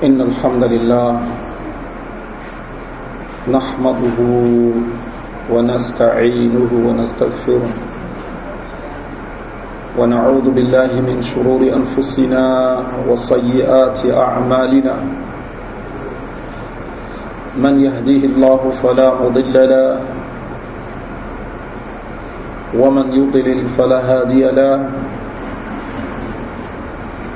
إن الحمد لله نحمده ونستعينه ونستغفره ونعوذ بالله من شرور أنفسنا وصيئات أعمالنا من يهديه الله فلا مضل له ومن يضلل فلا هادي له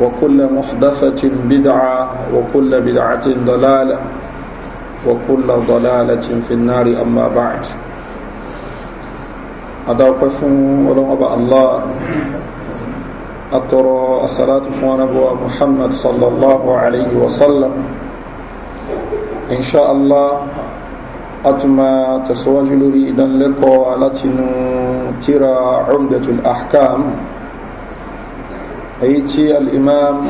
وكل محدثة بدعة وكل بدعة ضلالة وكل ضلالة في النار أما بعد أدعوكم ولغب الله أترى الصلاة فنبوة محمد صلى الله عليه وسلم إن شاء الله أتما تسواجل ريدا لك لتنو ترى عمدة الأحكام èyí tí al-imam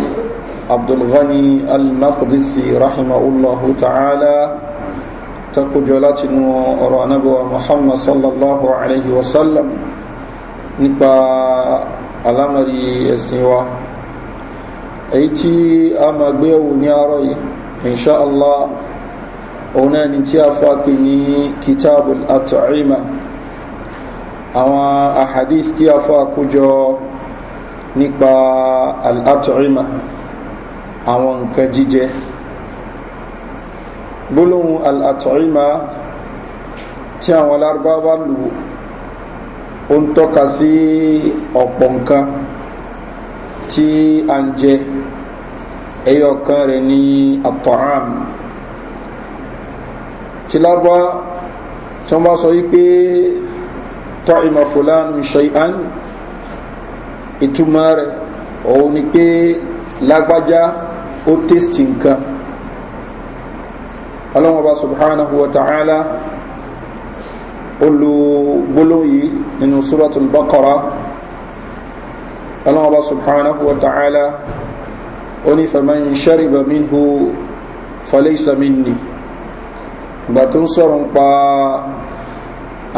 abdulghani al-maqdisi rahimahullahu ta'ala takojọ láti nu ọ̀rọ̀ anábọ̀wá muhammad sallallahu alayhi wa sallam nípa alámàrí ẹ̀sìn wa èyí tí a máa gbé ẹ̀wò ní àárọ̀ yìí inṣáàlá òun náà ni tí a fà pé ní kitabul at'ima àwọn ahadith tí a fà kójọ nípa al-at'ima àwọn nǹkan jíjẹ gbólóhùn al-at'ima tí àwọn lárúbáwá lù ó ń tọ́ka sí ọ̀pọ̀ nǹkan tí a ń jẹ ẹyọ kan rẹ̀ ní at tí lárúbáwá tí wọ́n bá sọ yí pé ta'ima fulan shay'an ìtumọ̀ rẹ̀ òun ni pé lágbájá ó tẹ́sítì nǹkan ọlọ́mọba subhanahu wa ta'ala olùgbólóhùn yìí nínú suratul bakara ọlọ́mọba subhanahu wa ta'ala onífẹ̀mọ́ ìṣẹ́rìbà minhu falẹ́sà minni ìgbà tó ń sọ̀rọ̀ ń pa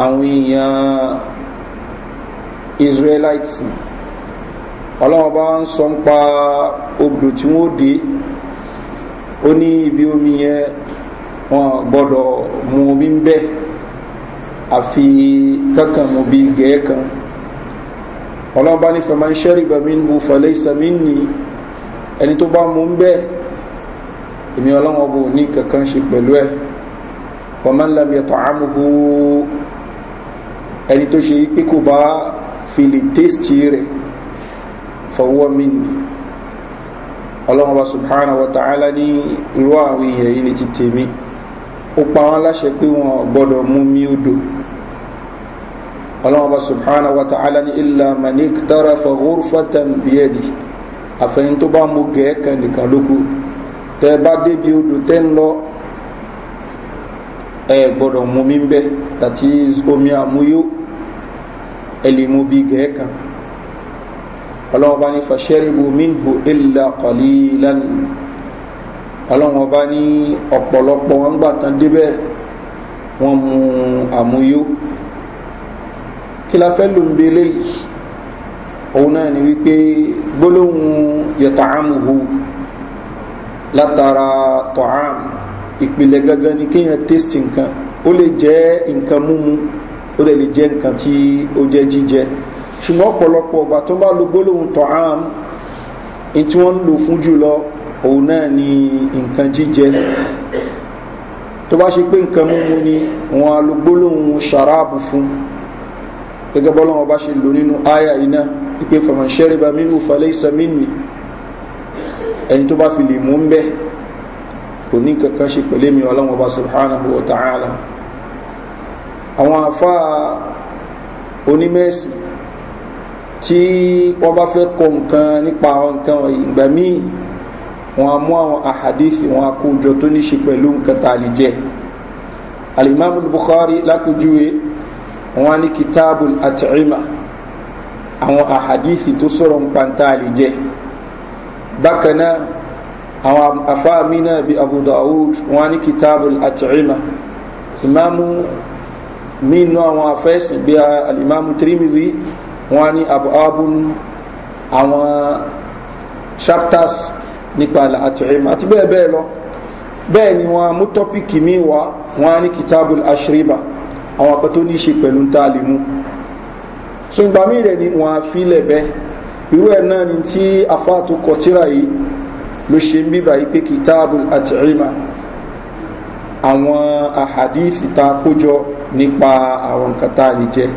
àwọn èèyàn israelites ni ọlọ́wọ́n bá ń sọ ń pa odò tí wọ́n dé ó ní ibi omi yẹn wọn gbọ́dọ̀ mu omi ń bẹ́ àfi kankan mu bíi gẹ́ẹ́ kan ọlọ́wọ́n bá ní fẹ̀mọ́ ń ṣẹ́rì bàmí hu fẹ̀lẹ́ ìsàmì nì ẹni tó bá mu ń bẹ́ èmi ọlọ́wọ́n bò ní kankan ṣe pẹ̀lú ẹ̀ wọ́n máa ń lamí ẹ̀tọ́ àmúhu ẹni tó ṣe pé kò bá fi lè tẹ́sítì rẹ̀ fọwọ́ mi ni ọlọ́run wa subhanahu wa ta'ala ní irú àwọn èèyàn yìí ni ti tèmi ó pa wọn láṣẹ pé wọn gbọdọ̀ mú mi odò ọlọ́run wa subhanahu wa ta'ala ní ilà manik tara fọwọ́ fọ́tàn bíẹ́dì àfẹ́yìn tó bá mú gẹ̀ẹ́kan nìkan lóko tẹ́ bá débi odò tẹ́ ń lọ ẹ gbọdọ̀ mú mi ń bẹ́ omi àmúyó ẹ lè mú bí gẹ̀ẹ́kan ọlọ́wọ́n bá ní fàṣẹ́rìbù minhu illa qalilan ọlọ́wọ́n bá ní ọ̀pọ̀lọpọ̀ wọn gbà tán débẹ̀ wọ́n mu àmúyó kí la fẹ́ ló ń bẹ léyìí òun náà ni wípé gbólóhùn yata'amuhu látara ta'am ìpìlẹ̀ gangan ni kéèyàn tẹ́sítì nǹkan ó lè jẹ́ nǹkan múmu ó lè jẹ́ nǹkan tí ó jẹ́ jíjẹ ṣùgbọ́n ọ̀pọ̀lọpọ̀ ọgbà tó bá lo gbólóhùn tọ̀hán in tí wọ́n ń lò fún jùlọ òun náà ni nǹkan jíjẹ tó bá ṣe pé nǹkan mímu ni wọn a lo gbólóhùn ṣàráàbù fún gẹ́gẹ́ bọ́lá wọn bá ṣe lò nínú àyà iná ìpè fàmọ̀ṣẹ́rì bá mímú falẹ́ ìsàmínì ẹni tó bá fi lè mú ń bẹ́ kò ní kankan ṣe pẹ̀lẹ́ mi ọlọ́wọ́n bá subhanahu wa ta'ala àwọn àfáà onímẹ̀sìn tí wọ́n bá fẹ́ kọ nǹkan nípa àwọn nǹkan ìgbà míì wọn a mú àwọn àhàdísì wọn a kó jọ tó ní ṣe pẹ̀lú nǹkan tá a lè jẹ alimami bukhari lápèjúwe wọn a ní kitaabu àtìrìmà àwọn àhàdísì tó sọ̀rọ̀ nípa tá a lè jẹ bákan náà àwọn afáàmì bíi abu wọn a ní kitaabu àtìrìmà ìmáàmù mí inú àwọn afẹ́sìn bíi alimami tirimizi wọ́n á ní abúlábùn àwọn chapters nípa àtìrìmọ̀ àti bẹ́ẹ̀ bẹ́ẹ̀ lọ bẹ́ẹ̀ ni wọ́n mú tọ́pìkì míì wá wọ́n á kitabul ashriba àwọn akọ tó ní í ṣe pẹ̀lú ń tá mú so ìgbà míì rẹ̀ ni wọ́n á fi lẹ̀ bẹ́ẹ̀ irú ẹ̀ náà ni tí afá tó yìí ló ṣe ń bíbà yìí pé kitabul àtìrìmọ̀ àwọn àhàdíìsì tá a kójọ nípa àwọn nǹkan tá a lè jẹ́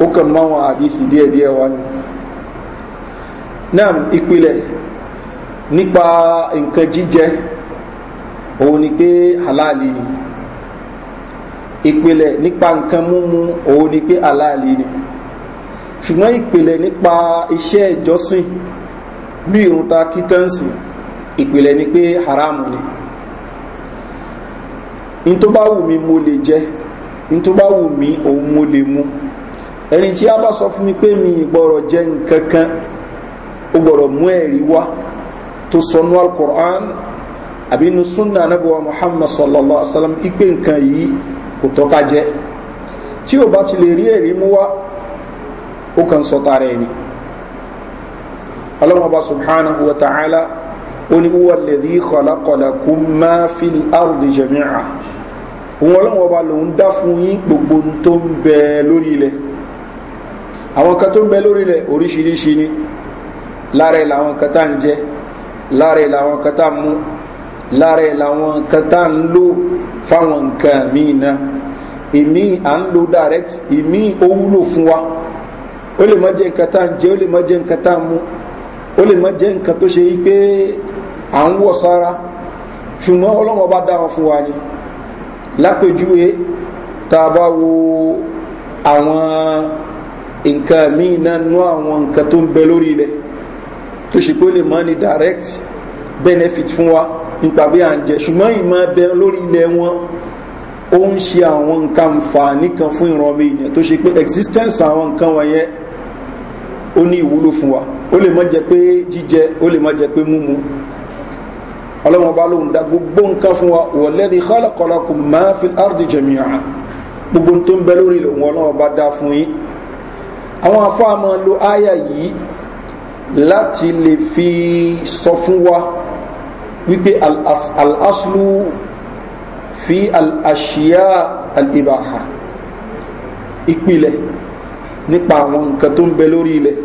ó kàn mọ́ àwọn àdísì díẹ̀díẹ̀ wá ní náà ìpìlẹ̀ nípa nǹkan jíjẹ òun ni pé oh, aláàlì ni ìpìlẹ̀ nípa nǹkan òun ni pé aláàlì ni ṣùgbọ́n ìpìlẹ̀ nípa iṣẹ́ ìjọsìn bí irun ta ni pé haramu ni in tó bá wù mí mo lè jẹ tó bá mo lè mu. ẹni tí a bá sọ fún mi pé mi gbọ́dọ̀ jẹ́ nǹkan kan ó gbọ́dọ̀ mú ẹ̀rí wá tó sọnú alukur'an àbí inú sunna anabiwa muhammad sallallahu alaihi wa sallam ipe nǹkan yìí kò tọ́ka jẹ́ tí o bá ti lè rí ẹ̀rí mú wá ó kàn sọ tara ẹni alamọba subhanahu wa ta'ala oni wa lèdi kọlakọlakú máa fi ardi jami'a wọn lọ́wọ́ ba lòun dá fún yín gbogbo tó ń bẹ lórí ilẹ̀ àwọn kan tó ń bẹ lórí rẹ̀ oríṣiríṣi ni lára ẹ̀ làwọn kan tá à ń jẹ lára ẹ̀ làwọn kan tá à ń mú lára ẹ̀ làwọn kan tá à ń lò fáwọn nǹkan míì náà ìmí à ń lo direct ìmí ó wúlò fún wa ó lè má jẹ́ nǹkan tá à ń jẹ ó lè má jẹ́ nǹkan tá à ń mú ó lè má jẹ́ nǹkan tó ṣe pé à ń wọ̀ sára ṣùgbọ́n ọlọ́wọ́ bá dá wọn fún wa ni lápèjúwe tá a bá wo àwọn nǹkan míì náà nú àwọn nǹkan tó ń bẹ lórí ilẹ̀ tó ṣe pé ó lè mọ́ ni direct benefit fún wa nípa bí à ń jẹ ṣùgbọ́n ìmọ̀ bẹ lórí ilẹ̀ wọn ó ń ṣe àwọn nǹkan nfààní kan fún ìran ọmọ ènìyàn tó ṣe pé existence àwọn nǹkan wọ̀nyẹn ó ní ìwúlò fún wa ó lè mọ́ jẹ pé jíjẹ ó lè mọ́ jẹ pé múmu ọlọ́wọ́n bá lóun dá gbogbo nǹkan fún wa wọ̀lẹ́dì kọ́lọ́kọ́lọ́kù máa fi árdì jẹ̀mìíràn gbogbo tó ń bẹ lórí ìlú wọn ọlọ́wọ́n bá dá fún yín àwọn afáà máa lo àyà yìí láti lè fi sọ fún wa wípé al-aslu fi al-ashiya al-ibaha ìpìlẹ̀ nípa àwọn nǹkan tó ń bẹ lórí ilẹ̀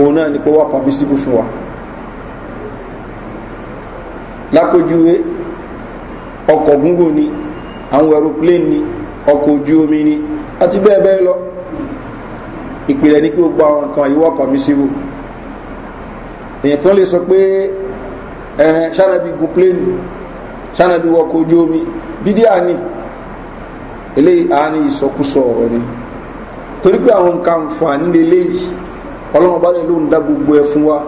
òun náà ni pé wà pàmísìbù fún wa lápèjúwe ọkọ̀ gúngùn ni àwọn aeroplane ni ọkọ̀ ojú omi ni àti bẹ́ẹ̀ bẹ́ẹ̀ lọ ìpìlẹ̀ ní pé gbogbo àwọn nǹkan ìwọ́ kan mi síwò èèyàn kan lè sọ pé ẹ̀hẹ̀n ṣáàbí gun pléènì ṣáàbí wọkọ̀ ojú omi dídí àní eléyìí àní ìsọkúsọ ọ̀rọ̀ ni torí pé àwọn nǹkan àǹfààní lélẹ́yìí ọlọ́run bá lè ló dá gbogbo ẹ fún wa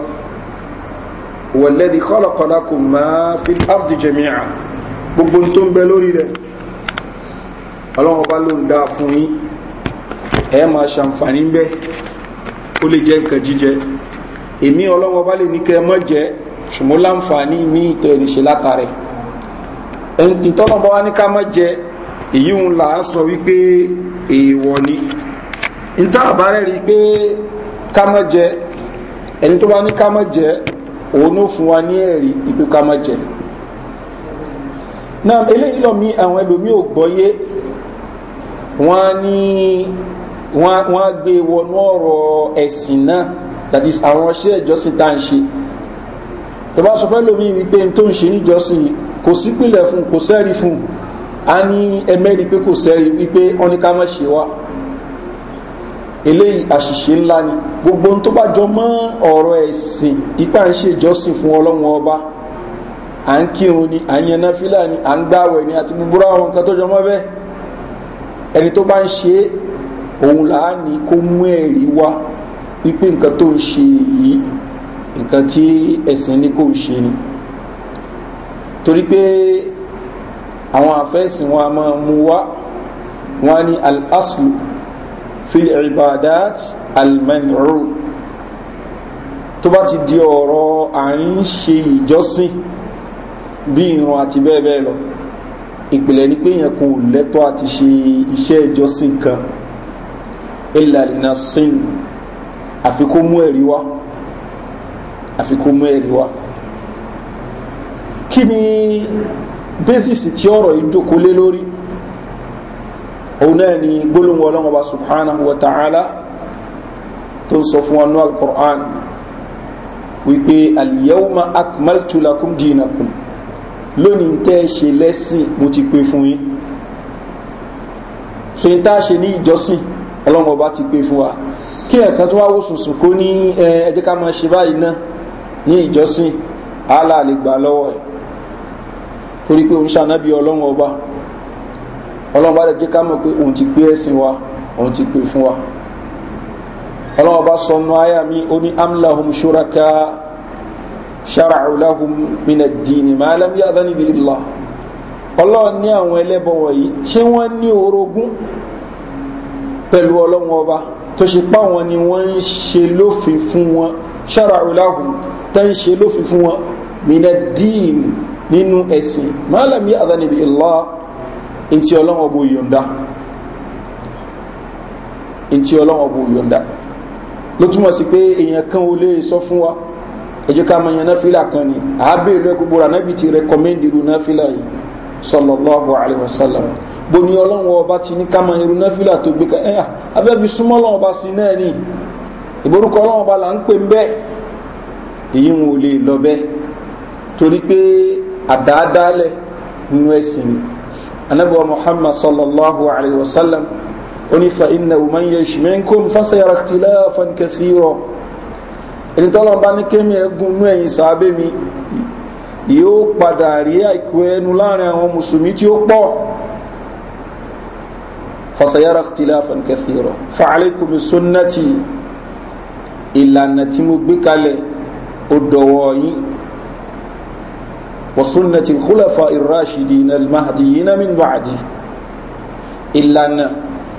wọ̀lẹ́dì kọ́lọ̀kọ́lá kò máa fi abdi jẹ̀míà gbogbo tó ń bẹ lórí rẹ̀ ọlọ́run bá ló dá fún yín ẹ máa ṣàǹfààní bẹ́ ó lè jẹ́ nǹkan jíjẹ èmi ọlọ́wọ́ bá lè ní kẹ́ ẹ mọ́ jẹ́ ṣùgbọ́n láǹfààní mi ìtọ́ ẹ̀ lè ṣe látàrẹ ìtọ́nà bá wá ní ká mọ́ jẹ èyí ń là á sọ wípé èèwọ̀ ni níta àbárẹ̀ rí pé ká mọ́ jẹ ẹni tó bá ní ká mọ́ jẹ òun ó fún wa ní ẹ̀rí ibi ká mọ́ jẹ náà eléyìí lọ mi àwọn ẹlòmíì ò gbọ́yé wọ́n á ní wọ́n wọ́n gbé wọnú ọ̀rọ̀ ẹ̀sìn náà that is àwọn ṣé ìjọsìn tá à ń ṣe tó bá sọ fẹ́ lómi wípé n tó ń ṣe níjọsìn kò sí fún kò sẹ́rí fún a ní ẹmẹ́rí pé kò sẹ́rí wípé wọ́n ní ká má ṣe wá eléyìí àṣìṣe ńlá ni gbogbo n tó bá jọ mọ́ ọ̀rọ̀ ẹ̀sìn ipá ń ṣe ìjọsìn fún ọlọ́run ọba à ń kírun ni à ń yẹn náfílà ni à ń gbáwẹ̀ ni àti gbogbo àwọn nǹkan tó jọ mọ́ bẹ́ẹ̀ ẹni tó bá ń ṣe é òun là á ní kó mú ẹ̀rí wá wípé nǹkan tó ń ṣe yìí nǹkan tí ẹ̀sìn ní kò ń ṣe ni torí pé àwọn àfẹ́sìn wọn a máa mú wá wọn ní al-aslu fil ibadat al-manru tó bá ti di ọ̀rọ̀ à ń ṣe ìjọsìn bí irun àti bẹ́ẹ̀ bẹ́ẹ̀ lọ ìpìlẹ̀ ni pé èèyàn kò lẹ́tọ́ àti ṣe iṣẹ́ ìjọsìn kan ìlànà sin àfikún mú ẹ̀rí wá àfikún mú ẹ̀rí wá kí ni bẹ́sìsì tí ọ̀rọ̀ yìí jókòó lé lórí òun náà ni gbólóhùn ọlọ́run wa subhanahu wa ta'ala tó ń sọ fún wa ní alukur'an wípé aliyahuma akmaltulakum dinakum lónìí tẹ́ ẹ ṣe lẹ́sìn mo ti pé fún yín so yín tá ṣe ní ìjọsìn ọlọ́run ọba ti gbé fún wa kí ẹ̀kan tó wá wò sùnsùn kó ní ẹjẹ́ ká máa ṣe báyìí náà ní ìjọsìn àálà lè gbà lọ́wọ́ ẹ̀ torí pé òun ṣànábì ọlọ́run ọba ọlọ́run bá jẹ́ ká mọ̀ pé òun ti gbé ẹ̀sìn wa òun ti pè fún wa ọlọ́run ọba sọ nù mi ó ní amlahum ṣuraka ṣara'ulahum mina dìní máa lẹ́mí adánibí ìlà ní àwọn ẹlẹ́bọn wọ̀nyí ṣé wọ́n ní orogún pẹ̀lú ọlọ́wọ́n ọba tó ṣe pa wọn ni wọ́n ń ṣe lófin fún wọn ṣára ìlàhùn tó ń ṣe lófin fún wọn mìíràn díìn nínú ẹ̀sìn mọ́lẹ́mí àdánibí ìlà ntí ọlọ́wọ́n ọba òyìnbá ntí ọlọ́wọ́n ọba òyìnbá ló túmọ̀ sí pé èèyàn kan ò lè sọ fún wa ẹjọ́ ká máa yan náfìlà kan ni àábẹ̀rẹ̀ gbogbo rà nábì ti rẹ̀ kọ́mẹ́ndìrú náfìlà yìí sọlọ́lọ́ àbọ̀ àlẹ́ wa sálàmù bó ni ọlọ́run ọba ti ní káma irun náfìlà tó gbé kan ẹ̀yà abẹ́ fi súnmọ́ ọlọ́run ọba sí náà ni ìborúkọ ọlọ́run ọba là ń pè ń bẹ́ẹ̀ èyí ń wò lè lọ bẹ́ẹ̀ torí pé àdáadáalẹ̀ nínú ẹ̀sìn ni anábọ̀ muhammad sallallahu alayhi wa sallam onífa iná umar yẹn ṣùmẹ́ńkó fásayàrá tìlá fankẹ́sí rọ ẹni tọ́lọ́ bá ní kémi ẹ̀gún nú ẹ̀yìn sàábẹ́ yóò padà rí àìkú ẹnu láàrin àwọn mùsùlùmí tí ó pọ̀ فسيرى اختلافا كثيرا فعليكم بسنة ìlànà tí mo gbé kalẹ̀ ó dọ̀wọ́ yín wàsúnà tí kúlẹ̀fà ìráṣìdì iná mahadi iná min bàdí ìlànà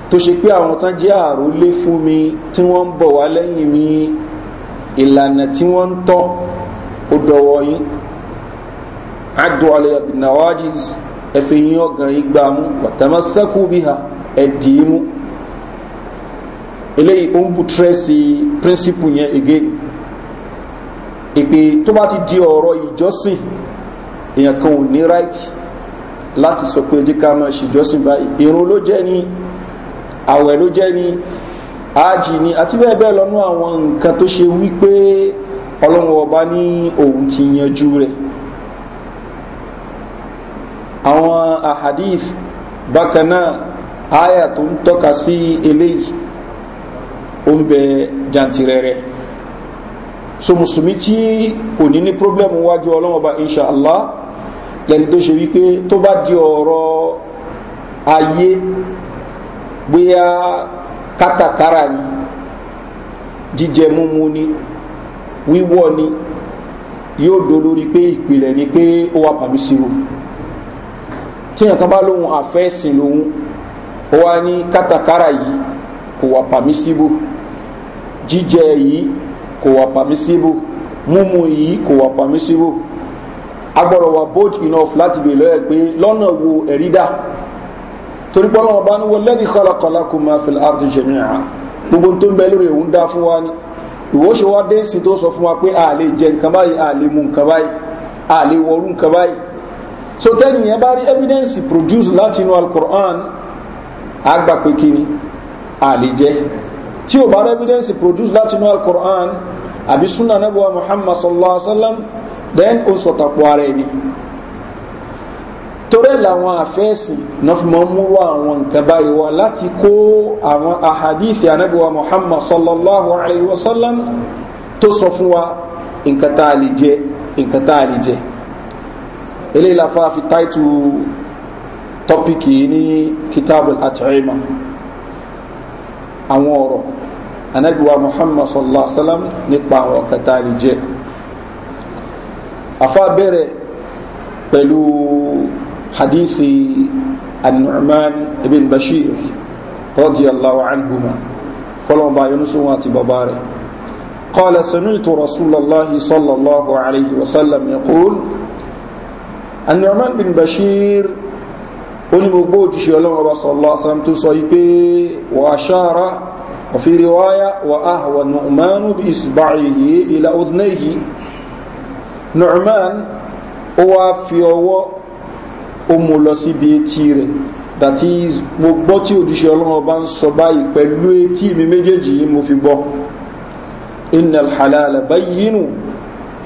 tó ṣe pé àwọn tán jẹ́ àrò lé fún mi tí wọ́n ń bọ̀ wá lẹ́yìn mi ìlànà tí wọ́n ń tọ́ ó dọ̀wọ́ yín adùn alẹ́ abinawajiz ẹ̀fẹ̀ yín ọ̀gàn igbá mú wàtàmásẹ́kù bí ha ẹ̀dì mú eléyìí ó ń bù tírẹ́sì píríncípù yẹn ege ìpè tó bá ti di ọ̀rọ̀ ìjọsìn èèyàn kan ò ní right láti sọ pé ẹjẹ́ ká máa ṣèjọsìn báyìí irun ló jẹ́ ní àwẹ̀ ló jẹ́ ní ájì ni àti bẹ́ẹ̀ bẹ́ẹ̀ lọ́nú àwọn nǹkan tó ṣe wípé ọlọ́run ọba ní òun ti yanjú rẹ̀ àwọn ahadith bákan náà aya tó ń tọ́ka sí eléyìí ó ń bẹ jantirẹrẹ so mùsùlùmí tí kò ní ní problem wájú ọlọ́mọba inshallah lẹni tó ṣe wípé tó bá di ọ̀rọ̀ ayé bóyá kátàkárà ni jíjẹ múmu ni wíwọ́ ni yóò do lórí pé ìpìlẹ̀ ni pé ó wà pàmísìrò tí èèyàn bá lóhun àfẹ́sìn lòun ó wá ní kátàkárà yìí kò wà pàmísíbù jíjẹ yìí kò wà pàmísíbù múmu yìí kò wà pàmísíbù agbọ̀rọ̀ wà bold enough láti bèèrè lọ́yẹ̀ pé lọ́nà wo ẹ̀rí dá torí pé ọlọ́run bá wọ́n lẹ́dí kọ́lákọ́lá kò máa fi àrùn jẹ̀mí àá gbogbo tó ń bẹ lórí òun dá fún wa ni ìwọ́ṣe wa dé sí tó sọ fún wa pé a lè jẹ nǹkan báyìí a lè mu nǹkan báyìí a lè wọrú nǹkan báyìí so tẹ́nìyàn bá rí evidence produced láti inú alukur'an a gbà pé kí ni a lè jẹ́ tí ò bá rẹ́ evidence produce láti inú alukur'an àbí sunna nebuwa muhammad sallallahu alaihi wa sallam then ó sọ̀tàpọ̀ ara ẹni torí làwọn àfẹ́sìn náà fi máa ń múrò àwọn nǹkan báyìí wá láti kó àwọn ahadithi anabiwa muhammad sallallahu alayhi wa sallam tó sọ fún wa nǹkan tá a lè jẹ nǹkan tá a lè jẹ eléyìí la fa fi táìtù tọ́píkì ní kitab al-at'ima àwọn ọ̀rọ̀ anabiwa muhammad sallallahu alaihi wa sallam nípa àwọn kẹta lè jẹ́ afa bẹ̀rẹ̀ pẹ̀lú hadithi an-nu'man ibn bashir radiyallahu anhuma kọlọmba yunusun àti bàbá rẹ̀ qala sami'tu rasulallahi sallallahu alaihi wa sallam yaqul an-nu'man bin bashir ní gbogbo òjíṣẹ́ ọlọ́run ọba sọ̀rọ̀lọ́ asalam tó sọ yí pé wà á ṣára ọ̀fìrí wáyá wà á wà nùmánú bí ìsìbáyìí ilà òdìnéyìí nùmán ó wá fi ọwọ́ ó mú lọ síbi etí rẹ̀ dàtí mo tí òjíṣẹ́ ọlọ́run ọba ń sọ báyìí pẹ̀lú etí mi méjèèjì yìí mo fi gbọ́ inna alhalala bayyinu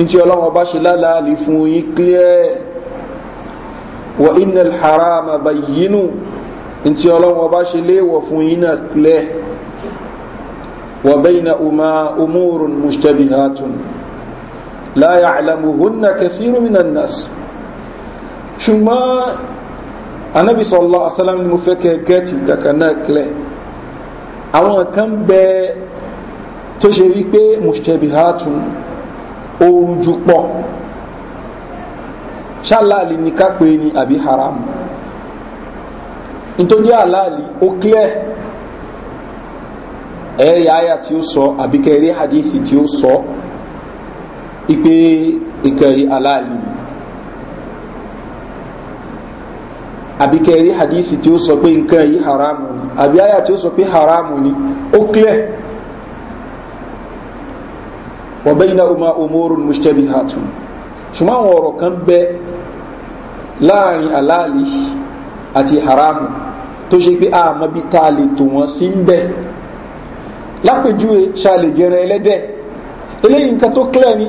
ntí ọlọ́run ọba ṣe lálàá fún yín clear wọ iná haram àbáyínú ntí ọlọ́run ọba ṣe léèwọ̀ fún iná lẹ́ wọ bẹ́yìn ọmọ umurun mustabihatun láyà àlàmùhúnnà kẹsìrù mìnà nàṣ ṣùgbọ́n anabi sọlọ asalam ni mo fẹ́ kẹ gẹ́ẹ̀tì kankan náà kílẹ̀ àwọn kan bẹ tó ṣe wípé mustabihatun oorun jù ṣáláàlì ní ká pé ni àbí haram nítorí àláàlì ó clear ẹ̀rí àyà tí ó sọ àbí kẹrí hadithi tí ó sọ ipe ìkẹrí àláàlì ni àbí kẹrí hadithi tí ó sọ pé nǹkan yìí haram ni àbí àyà tí ó sọ pé haram ni ó clear wọ́n bẹ́yìn náà ó máa omorun mushtabihatun ṣùgbọ́n àwọn ọ̀rọ̀ kan bẹ́ẹ̀ láàrin aláàlì àti haramu tó ṣe pé àmọ́bí tá a lè tò wọ́n sí ń bẹ̀ lápèjúwe ṣàlè jẹrẹ ẹlẹ́dẹ̀ eléyìí nǹkan tó clear ni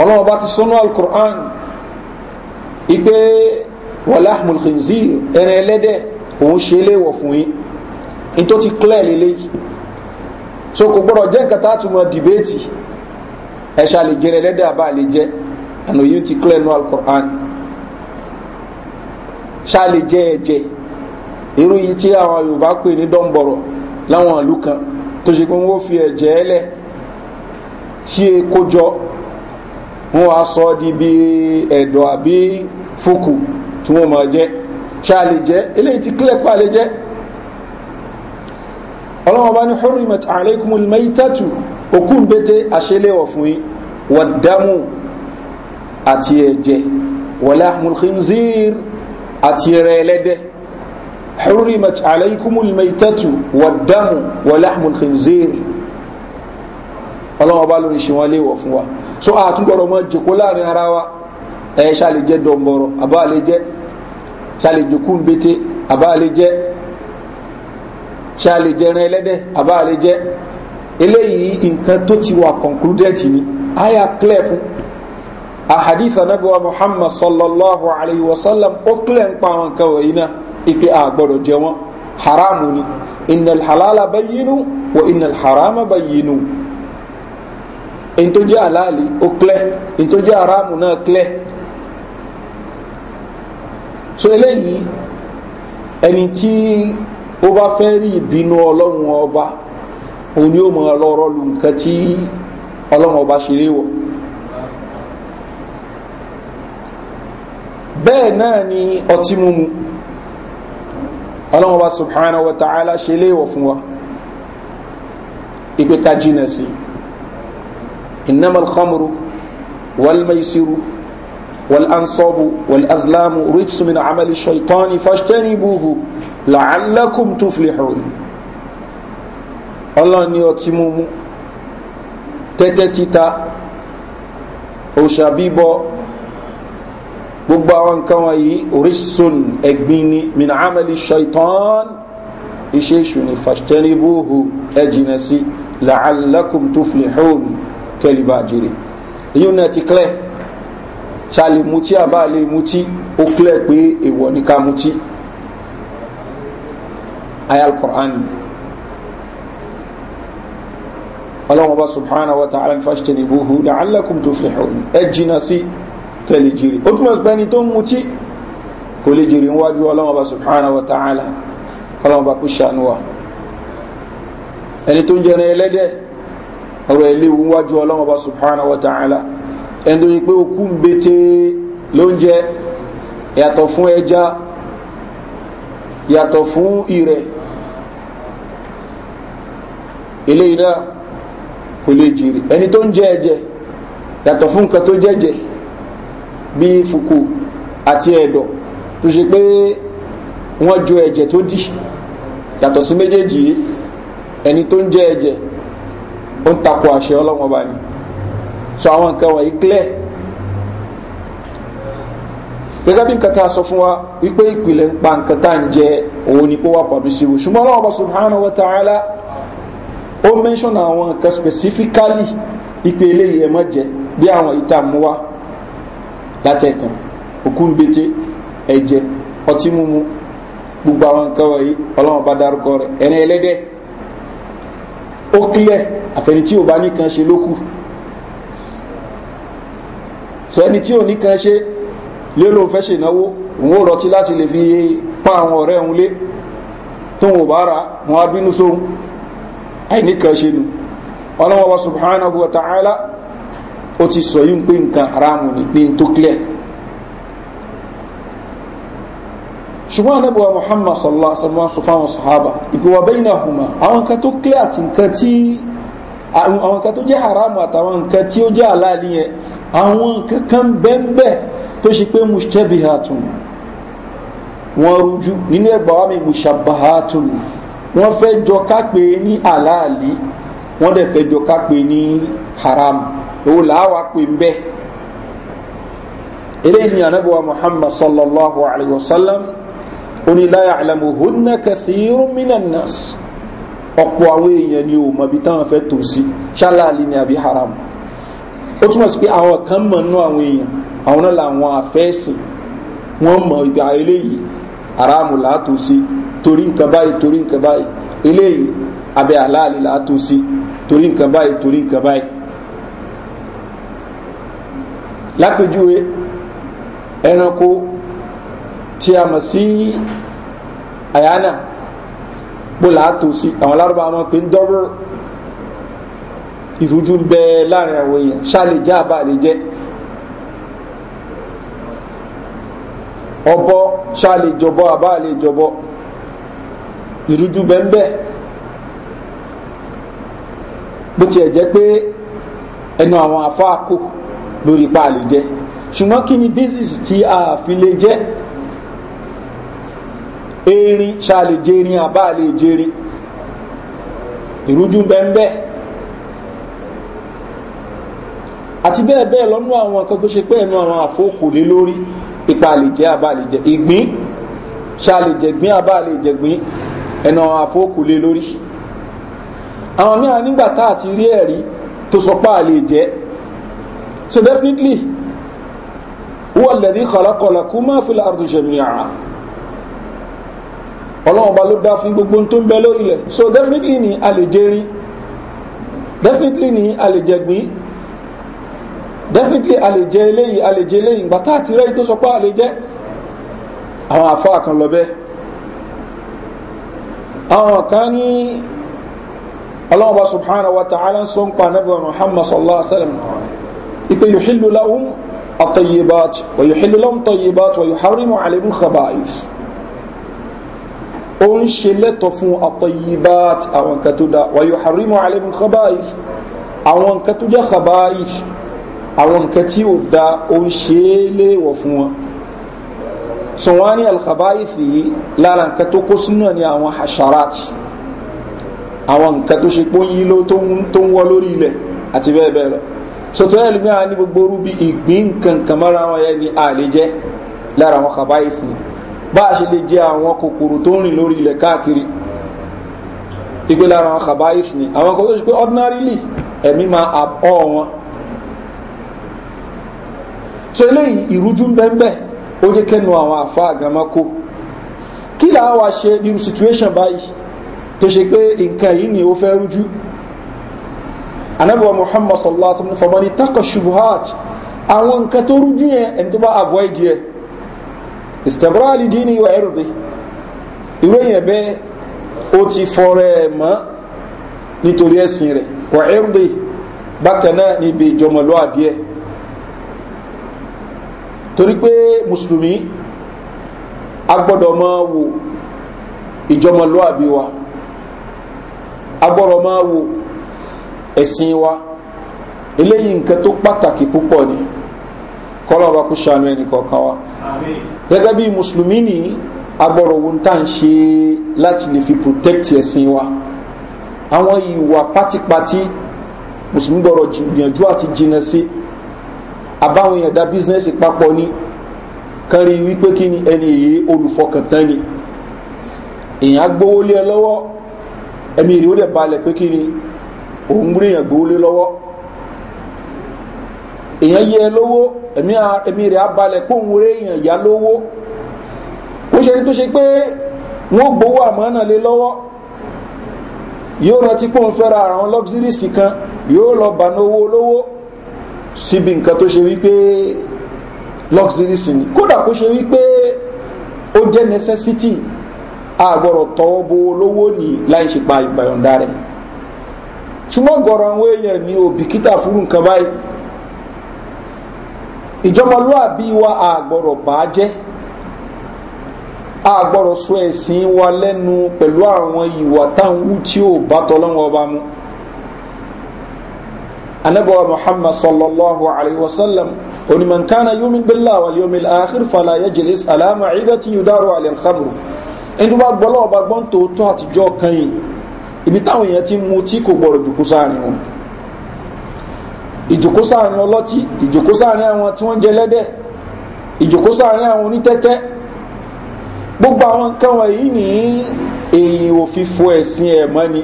ọlọ́run bá ti sọ́nú alukur'an ipe wàláhùn khinzir ẹran ẹlẹ́dẹ̀ òun ṣe léwọ̀ fún yín in tó ti clear lélẹ́yìí so kò gbọ́dọ̀ jẹ́ nǹkan tá tún mọ dìbéètì ẹ̀ṣà lè ẹlẹ́dẹ̀ àbá lè jẹ́ àná yìí ti clear nú alukur'an ṣáàlè jẹ ẹ̀jẹ̀ irú yìí tí àwọn yorùbá pè ní dọ́ǹbọ̀rọ̀ láwọn ìlú kan tó ṣe pé wọ́n fi ẹ̀jẹ̀ ẹlẹ̀ tí e kó jọ wọ́n wá sọ di bí ẹ̀dọ̀ àbí fòkù tí wọ́n máa jẹ́ ṣáàlè jẹ́ eléyìí ti kílẹ̀ pa lè ọlọ́wọ́n bá ní hurrimat alaykum almaitatu okun bete àṣẹlẹ̀wọ̀ fún yín wàdámù àti ẹ̀jẹ̀ wàlá mulkhinzir àti ẹrẹ ẹlẹ́dẹ́ hurrimat alaykumul maitatu wadamu walahmul khinzir ọlọ́wọ́n bá lórí ṣe léwọ̀ fún wa so àtúgbọ̀rọ̀ mọ́ jòkó láàrin ara wa ẹ̀ ṣàlè jẹ́ dọ̀mbọ̀rọ̀ àbá lè jẹ́ ṣàlè jòkó ń bété àbá lè jẹ́ ṣàlè jẹran ẹlẹ́dẹ̀ àbá lè jẹ́ eléyìí nǹkan tó ti wà concluded ni àyà clear fún ahadith anabiwa muhammad sallallahu alayhi wa sallam ó kílẹ̀ ń pa àwọn nǹkan wọ̀nyí náà ipe àgbọ̀dọ̀ jẹ wọn haramu ni innal halala bayyinu wa innal harama bayyinu in tó jẹ́ àlàálì ó kílẹ̀ in tó jẹ́ haramu náà kílẹ̀ so eléyìí ẹni tí ó bá fẹ́ rí ìbínú ọlọ́run ọba òun ni mọ ọlọ́rọ̀ lu nǹkan tí ọlọ́run ọba ṣe léwọ̀n bẹ́ẹ̀ náà ni ọtí múmu ọlọ́wọ́n bá subhanahu wa ta'ala ṣe léèwọ̀ fún wa ìpè ká jìnà sí innamal khamru wal maisiru wal ansobu wal azlamu rijsu min amali shaitani fashtanibuhu la'allakum tuflihun ọlọ́run ní ọtí múmu tẹ́tẹ́ títa òṣàbíbọ gbogbo àwọn nǹkan wọ̀nyí orísun ẹ̀gbin ni mina amali shaitan iṣẹ́ èṣù ni fàṣtẹ́nibóhu ẹ jìnà sí làálàkùn tó filẹ̀ hóun kẹlíbà jèrè èyí náà ti clear ṣàlè mutí àbá lè mutí ó clear pé èèwọ̀ ní ká mutí ayal quran ọlọ́run ọba subhanahu wa ta'ala fàṣtẹ́nibóhu làálàkùn tó filẹ̀ hóun ẹ jìnà sí kẹ́ lè jèrè ó túnmọ̀ sípẹ́ni tó ń mutí kò lè jèrè níwájú ọlọ́mọba subhanahu wa ta'ala ọlọ́mọba kò ṣàánú wa ẹni tó ń jẹrẹ ẹlẹ́dẹ̀ ọ̀rọ̀ ẹléwu wájú ọlọ́mọba subhana wa ta'ala ẹni tó yí pé okú ń bete ló yàtọ̀ fún ẹja yàtọ̀ fún ìrẹ̀ ilé iná kò lè jìrì ẹni tó ń jẹ ẹjẹ yàtọ̀ fún nǹkan tó jẹjẹ bíi fùkù àti ẹ̀dọ̀ tó ṣe pé wọ́n jo ẹ̀jẹ̀ tó dì yàtọ̀ sí méjèèjì ẹni tó ń jẹ ẹ̀jẹ̀ ó ń takò àṣẹ ọlọ́wọ́n bá ní so àwọn nǹkan wọ̀nyí clear gẹ́gẹ́ bí nǹkan tá a sọ fún wa wípé ìpìlẹ̀ ń pa nǹkan tá à ń jẹ òun ni kó wà pàmísìwò ṣùgbọ́n ọlọ́wọ́ bá subhanahu wa ta'ala ó mention àwọn nǹkan specifically ìpele yìí ẹ̀ mọ́ jẹ bí àwọn ìta mú wa látẹ̀kàn òkú ń gbete ẹ̀jẹ̀ ọtí mímu gbogbo àwọn nǹkan wọ̀nyí ọlọ́run bá dárúkọ rẹ̀ ẹ̀rin ẹlẹ́dẹ̀ ó kílẹ̀ àfẹni tí ò bá nìkan ṣe lókù sọ ẹni tí ò nìkan ṣe lé ló fẹ́ ṣènáwó òun ò rọtí láti lè fi pa àwọn ọ̀rẹ́ òun lé tó wọn ò bá ra wọn á bínú sóhun àìníkan ṣe nu ọlọ́run wa subhanahu wa ta'ala ó ti sọ yín pé nǹkan aráàmù ní ní tó clear ṣùgbọ́n anábọ̀wá muhammad sallallahu alaihi wasallam sọ fáwọn sọ̀hábà ìpèwà bẹ́yìn náà hùmà àwọn kan tó clear àti nǹkan tí àwọn nǹkan tó jẹ́ haramu àtàwọn nǹkan tí ó jẹ́ aláàlì yẹn àwọn nǹkan kan bẹ́ẹ̀ tó ṣe pé mushtabihatun wọ́n rújú nínú ẹgbà wa mi mushabahatun wọ́n fẹ́ jọ ká pé ní aláàlì wọ́n dẹ̀ fẹ́ jọ ká pé ní haramu èwo làáwà pè ń bẹ́ eléyìí ni anabiwa muhammad sallallahu alayhi wa sallam oníláyà àlàmù hùnà kẹsìrú mìnànas ọ̀pọ̀ àwọn èèyàn ni ò mọ̀bí táwọn fẹ́ tò sí ṣáláàlì ni àbí haram ó túmọ̀ sí pé àwọn kan mọ̀ nínú àwọn èèyàn àwọn náà làwọn àfẹ́sìn wọ́n mọ̀ ìgbà eléyìí haram làátò sí torí nǹkan báyìí torí nǹkan báyìí eléyìí abẹ́ àláàlì làátò sí torí nǹkan báyìí torí nǹkan báyìí lápèjúwe ẹranko tí a mọ̀ sí àyánà bóla àtòsí àwọn alárùbá a máa pè ń dọ́rọ̀ ìrújú ń bẹ láàrin àwọn èèyàn ṣá lè jẹ́ àbá lè jẹ́ ọbọ ṣá lè àbá lè jọbọ ìrújú bẹ́ẹ̀ bó tiẹ̀ jẹ́ pé ẹnu àwọn afá lórí pa lè jẹ́ ṣùgbọ́n kí ni basis tí a fi lè jẹ́ erin ṣa lè jerin àbá lè jerin ìrújú bẹ́ńbẹ́ àti bẹ́ẹ̀ bẹ́ẹ̀ lọ́nú àwọn nǹkan tó ṣe pé ẹnu àwọn àfókò lé lórí ipa lè jẹ́ àbá lè jẹ́ ìgbín ṣa lè jẹ̀gbín àbá lè jẹ̀gbín ẹnu àwọn àfókò lórí àwọn mìíràn nígbà tá àti rí ẹ̀rí tó sọ pé àlè jẹ́ So definitely, huwa alladhi khalaqa lakuma fil ardi jami'a ọlọ́run ọba ló dá fún gbogbo tó ń bẹ lórí ilẹ̀ so definitely ni a lè jẹrin definitely ni a lè jẹgbin definitely a lè jẹ eléyìí a lè jẹ eléyìí ìgbà tá àti rẹ́yìn tó sọ pé a lè jẹ àwọn àfáà kan lọ bẹ́ẹ̀ àwọn kan ní ọlọ́run ọba subhanahu wa ta'ala ń sọ ń pa anábìyàn muhammad sallallahu alaihi wa sallam ipe yuhillu lahum atayibat wa yuhillu lahum tayibat wa yuharrimu alayhim khaba'ith ó ń ṣe lẹ́tọ̀ fún atayibat àwọn nǹkan tó dá wa yuharrimu alayhim khaba'ith àwọn nǹkan tó jẹ́ khaba'ith àwọn nǹkan tí ó dá ó ń ṣe léèwọ̀ fún wọn sọ̀wọ́n ní yìí lára nǹkan tó kó sínú ní àwọn hasharat àwọn nǹkan tó ṣe pé ló tó ń wọ lórí ilẹ̀ àti bẹ́ẹ̀ bẹ́ẹ̀ lọ sọtọ́ yẹn lómi àwọn ní gbogbo rúbi ìgbín kankan mọ́ra wọn yẹn ni àlè jẹ́ lára àwọn kàbáyìí ni bá a ṣe lè jẹ àwọn kòkòrò tó ń rìn lórí ilẹ̀ káàkiri ìgbé lára àwọn kàbáyìí ni àwọn kan tó ṣe pé ordinarily ẹ̀mí máa abọ́ wọn so eléyìí ìrújú ń ó jẹ́ kẹ́nu àwọn àfa àgàmákò kí làá wá ṣe irú situation báyìí tó ṣe pé nǹkan yìí ni ó fẹ́ rújú anabiwa muhammad sallallahu alaihi wa sallam famani takọ shubuhat àwọn nǹkan tó rújú yẹn ẹni tó bá avoid yẹ istabrali dini wa ẹrùdì irú yẹn bẹ́ẹ̀ ó ti fọrẹ mọ́ nítorí ẹ̀sìn rẹ̀ wa ẹrùdì bákan náà níbi ìjọmọlúwàbí ẹ̀ torí pé mùsùlùmí agbọ́dọ̀ máa wo ìjọmọlúwàbí wa agbọ́dọ̀ máa wo ẹ̀sìn wa eléyìí nǹkan tó pàtàkì púpọ̀ ni kọ́lọ́ ọba kò ṣàánú ẹnì kọ̀ọ̀kan wa gẹ́gẹ́ bí mùsùlùmí ni agbọ́rọ̀ wo tá à ń ṣe láti lè fi protect ẹ̀sìn wa àwọn ìwà pátípátí mùsùlùmí gbọ́rọ̀ gbìyànjú àti jìnnà sí àbáwọn èèyàn dá papọ̀ ni kan rí wípé kí ni ẹni èyí olùfọkàntán ni èèyàn gbówó lé ẹ lọ́wọ́ ẹ̀mí ìrì ó dẹ̀ balẹ̀ pé kí ni òun gbé èèyàn gbowó lé lọ́wọ́ èèyàn yẹ lówó ẹ̀mí rẹ̀ á balẹ̀ pòun rẹ̀ èèyàn yá lówó ó ṣe ní tó ṣe pé wọ́n gbowó àmọ́nà lé lọ́wọ́ yóò rántí pòun fẹ́ra àwọn lọ́gísírìsì kan yóò lọ bàná owó olówó síbi nǹkan tó ṣe wípé lọ́gísírìsì ni kódà kó ṣe wípé ó jẹ́ necessity àgbọ̀rọ̀ tọwọ́ bo olówó ní láì ṣe pa ìgbàyọ̀ǹda rẹ̀ ṣùgbọ́n gọ̀rọ̀ àwọn èèyàn ni ò bìkítà fúrú nǹkan báyìí ìjọmọlúàbí wa àgbọ̀rọ̀ bàá jẹ́ àgbọ̀rọ̀ sọ ẹ̀sìn wa lẹ́nu pẹ̀lú àwọn ìwà táwọn tí ò bá tọ́lọ́wọ́ ọba mu anabawa muhammad sallallahu alayhi wa sallam onímọ̀ nkánà yomi bílá wàlẹ́ yomi àkír fàlà yẹjẹlẹs alámà ìdá tí yóò dárò àlẹ́ nkàmù ẹni tó bá gbọ́lọ́ ọba gbọ́n àtijọ́ kan yìí ibi táwọn èèyàn ti mu tí kò gbọ́rọ̀ jòkó sáàrin wọn ìjòkó sáàrin ọlọ́tí ìjòkó sáàrin àwọn tí wọ́n jẹ lẹ́dẹ̀ ìjòkó sáàrin àwọn onítẹ́tẹ́ gbogbo àwọn nǹkan wọ̀nyí ní èyí ò fi fo ẹ̀sìn ẹ̀ ni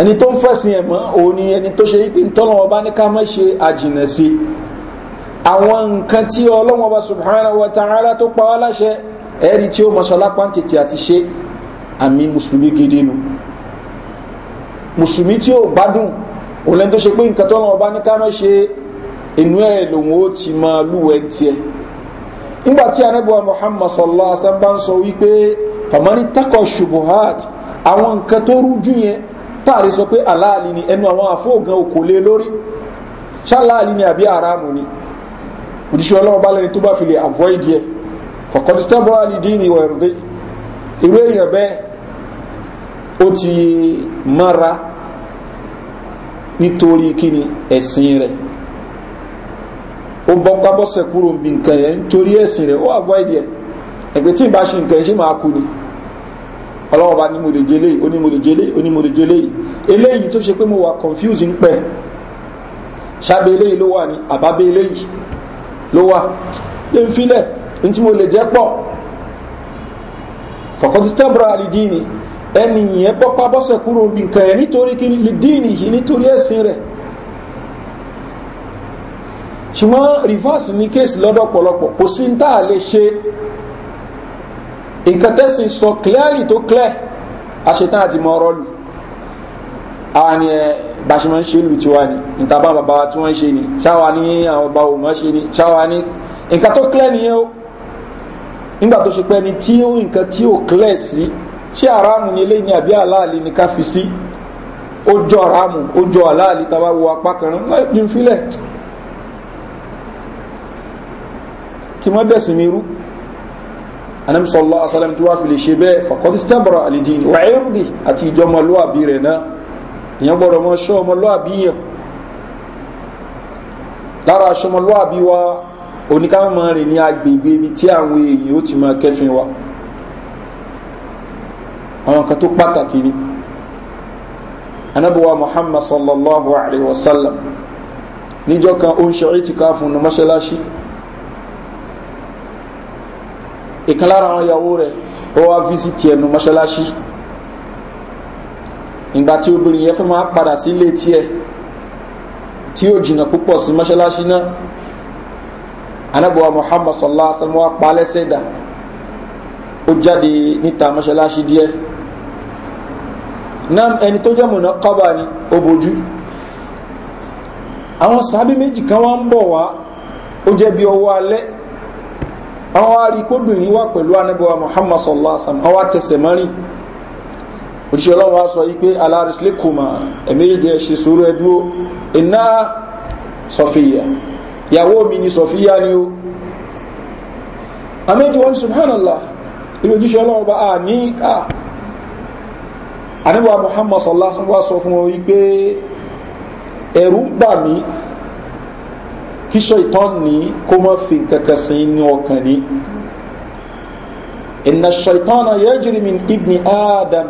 ẹni tó ń fẹ̀sìn ẹ̀ òun ni ẹni tó ṣe pé tọ́lọ́wọ́ bá ní ká má ṣe àjìnà sí àwọn nǹkan tí ọlọ́wọ́ bá subhanahu wa ta'ala tó pa wá láṣẹ ẹ̀rí tí ó mọ̀ṣọ́lápá tètè àti ṣe àmì mùsùlùmí gidi nu mùsùlùmí tí ó gbádùn òun lẹ́ni tó ṣe pé nǹkan tó lọ́wọ́ bá ní ká ṣe inú ẹ̀ lòun ó ti máa lúwẹ̀ tiẹ̀ nígbà tí muhammad sallallahu alaihi wasallam bá ń sọ wípé famani takọ shubuhat àwọn nǹkan tó rújú yẹn táàrí sọ pé aláàlì ni ẹnu àwọn àfóògàn òkòlé lórí ṣáláàlì ni àbí àràmù ni òjíṣẹ́ ọlọ́wọ́ bá lẹ́ni tó bá fi lè avoid yẹ fọkàn tí tábọ̀ àlìdí irú èèyàn bẹ́ẹ̀ ó ti mara nítorí kíni ẹ̀sìn rẹ̀ ó bọ́pá bọ́sẹ̀ kúrò bí nǹkan yẹn nítorí ẹ̀sìn rẹ̀ ó avoid ẹ̀ ẹ̀pẹ́ tí ì bá ṣe nǹkan ẹ̀ ṣe kú ni ọlọ́wọ́ba ní mo lè jẹlé oní mo lè jẹlé oní mo lè jẹlé eléyìí tó ṣe pé mo wà confusing pẹ́ ṣábẹ́ eléyìí ló wà ní àbábẹ́ eléyìí ló wà fọkọtìtẹ́bùrọ̀ àlìdíìnì ẹni yẹn bọ́pá bọ́sẹ̀ kúrò bí nǹkan ẹ̀ nítorí kí lìdíìnì yìí nítorí ẹ̀sìn rẹ̀ ṣùgbọ́n reverse ní kéèsì lọ́dọ̀ pọ̀lọpọ̀ kò sí tá a lè ṣe nǹkan tẹ́sìn sọ clearly tó clear àṣetán àti mọ ọrọ́ wani àwa ni ẹ eh, bá ṣe máa ń ni níta bá bàbá wa tí ni ṣáwa ní àwọn ni ṣáwa o nígbà tó ṣe pé ẹni tí ó nǹkan tí ó clear sí ṣé aráàmù ni eléyìí ni àbí aláàlì ni ká fi sí ó jọ aráàmù ó jọ aláàlì tàbá wo apá kan rán náà kí n filẹ̀ kí wọ́n dẹ̀sìn mi rú anam sallallahu alaihi tí wàá fi lè ṣe bẹ́ẹ̀ fàkọ́tí stabra alidini wà ẹ́rùdì àti ìjọmọlúàbí rẹ̀ náà ìyẹn gbọ́dọ̀ mọ ṣọ́ ọmọlúàbí yẹn lára aṣọmọlúàbí wa oníkàmọ́ rìn ní agbègbè ibi tí àwọn èèyàn ó ti mọ kẹfìn wa àwọn kan tó pàtàkì ni anabuwa muhammad sallallahu alaihi wasallam níjọ kan ó ń ṣe orí ti ká fún un mọ́ṣáláṣí ìkan lára àwọn ìyàwó rẹ̀ ó wá fíìsìtì ẹnu mọ́ṣáláṣí ìgbà tí obìnrin yẹn fẹ́ máa padà sí ilé tiẹ̀ tí ó jìnnà púpọ̀ sí mọ́ṣáláṣí náà anabuwa muhammad sallallahu alaihi Wasallam sallam wa kpalẹ̀ sẹ́dà ó jáde níta mọ́ṣáláṣí díẹ̀ náà ẹni tó jẹ́ mọ̀nà kọ́ba ni ó bojú àwọn sábẹ́ méjì kan wá ń bọ̀ wá ó jẹ́ bí ọwọ́ alẹ́ àwọn arìkóbìnrin wà pẹ̀lú anábíwá muhammad sallallahu alaihi wasallam àwọn atẹsẹ̀mọ́rin òṣìṣẹ́ ọlọ́wọ́ aṣọ yìí pé alárisílẹ̀kùnmá ẹ̀mẹ́yẹ̀dẹ̀ ṣe sòrò ẹ̀dúró iná sọfìyà ìyàwó mi ni sọ̀fíyá ni ó àmẹ́jì wọn ni subhanallah ilé ojúṣe ọlọ́ọ̀bá a ní ká àníbà muhammad sallallahu alaihi wa sọ fún wọn wípé ẹ̀rù ń bà mí kíṣọ ìtọ́n ní kó mọ́ fi kankan sí inú ọkàn ní ìnà ṣọ̀tọ́nà yẹ́jìrì min ibni adam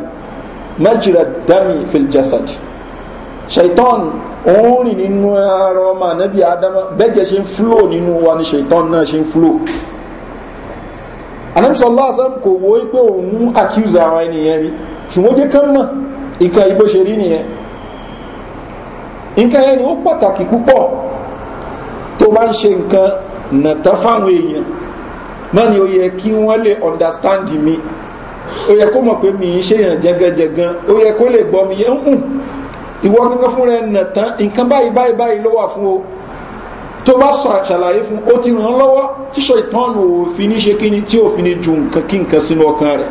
mẹ́jìrì dami fil ṣètọ́n òun rìn nínú ara ọmọ ànábì adama bẹ́jẹ̀ ṣe ń fúlò nínú wa ni ṣètọ́n náà ṣe ń fúlò ànábìsọ lásán kò wo pé òun accuse àwọn ènìyàn rí ṣùgbọ́n jẹ́ kán mọ̀ nǹkan igbó ṣe rí nìyẹn nǹkan yẹn ni ó pàtàkì púpọ̀ tó bá ń ṣe nǹkan nàtà fáwọn èèyàn mọ́ ni ó yẹ kí wọ́n lè understand mi ó yẹ kó mọ̀ pé mi ń ṣèyàn jẹgẹjẹgan ó yẹ kó lè gbọ́ mi yẹn ń hùn ìwọ kankan fún rẹ nà tán nǹkan báyìí báyìí báyìí ló wà fún o tó bá sọ àṣàlàyé fún o ti ràn án lọ́wọ́ tíṣọ ìtọ́nù òfin ní ṣe kíni tí òfin ní ju nǹkan kí nǹkan sínú ọkàn rẹ̀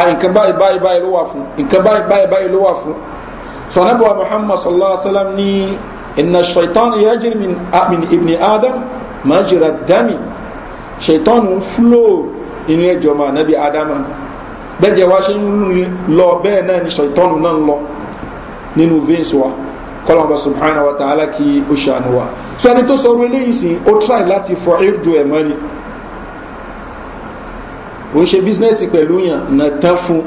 a nǹkan báyìí báyìí báyìí ló wà fún nǹkan báyìí báyìí báyìí ló wà fún sọ̀nàbọ̀ muhammad sallallahu alayhi wa sallam ní ìnà ṣaitan yajiri min ibni adam majira dami ṣaitan ń inú ẹjọ́ ma nabi adama bẹ́jẹ̀ wá ṣe ń lọ bẹ́ẹ̀ náà ni ṣàìtọ́nù náà ń lọ nínú veins wa kọ́lọ́n bá subhana wa ta'ala kí ó ṣàánú wa so ẹni tó sọrọ eléyìí sìn ó try láti fọ irdu ẹ̀ ni ó ṣe bísínẹ́sì pẹ̀lú yàn nà tán fún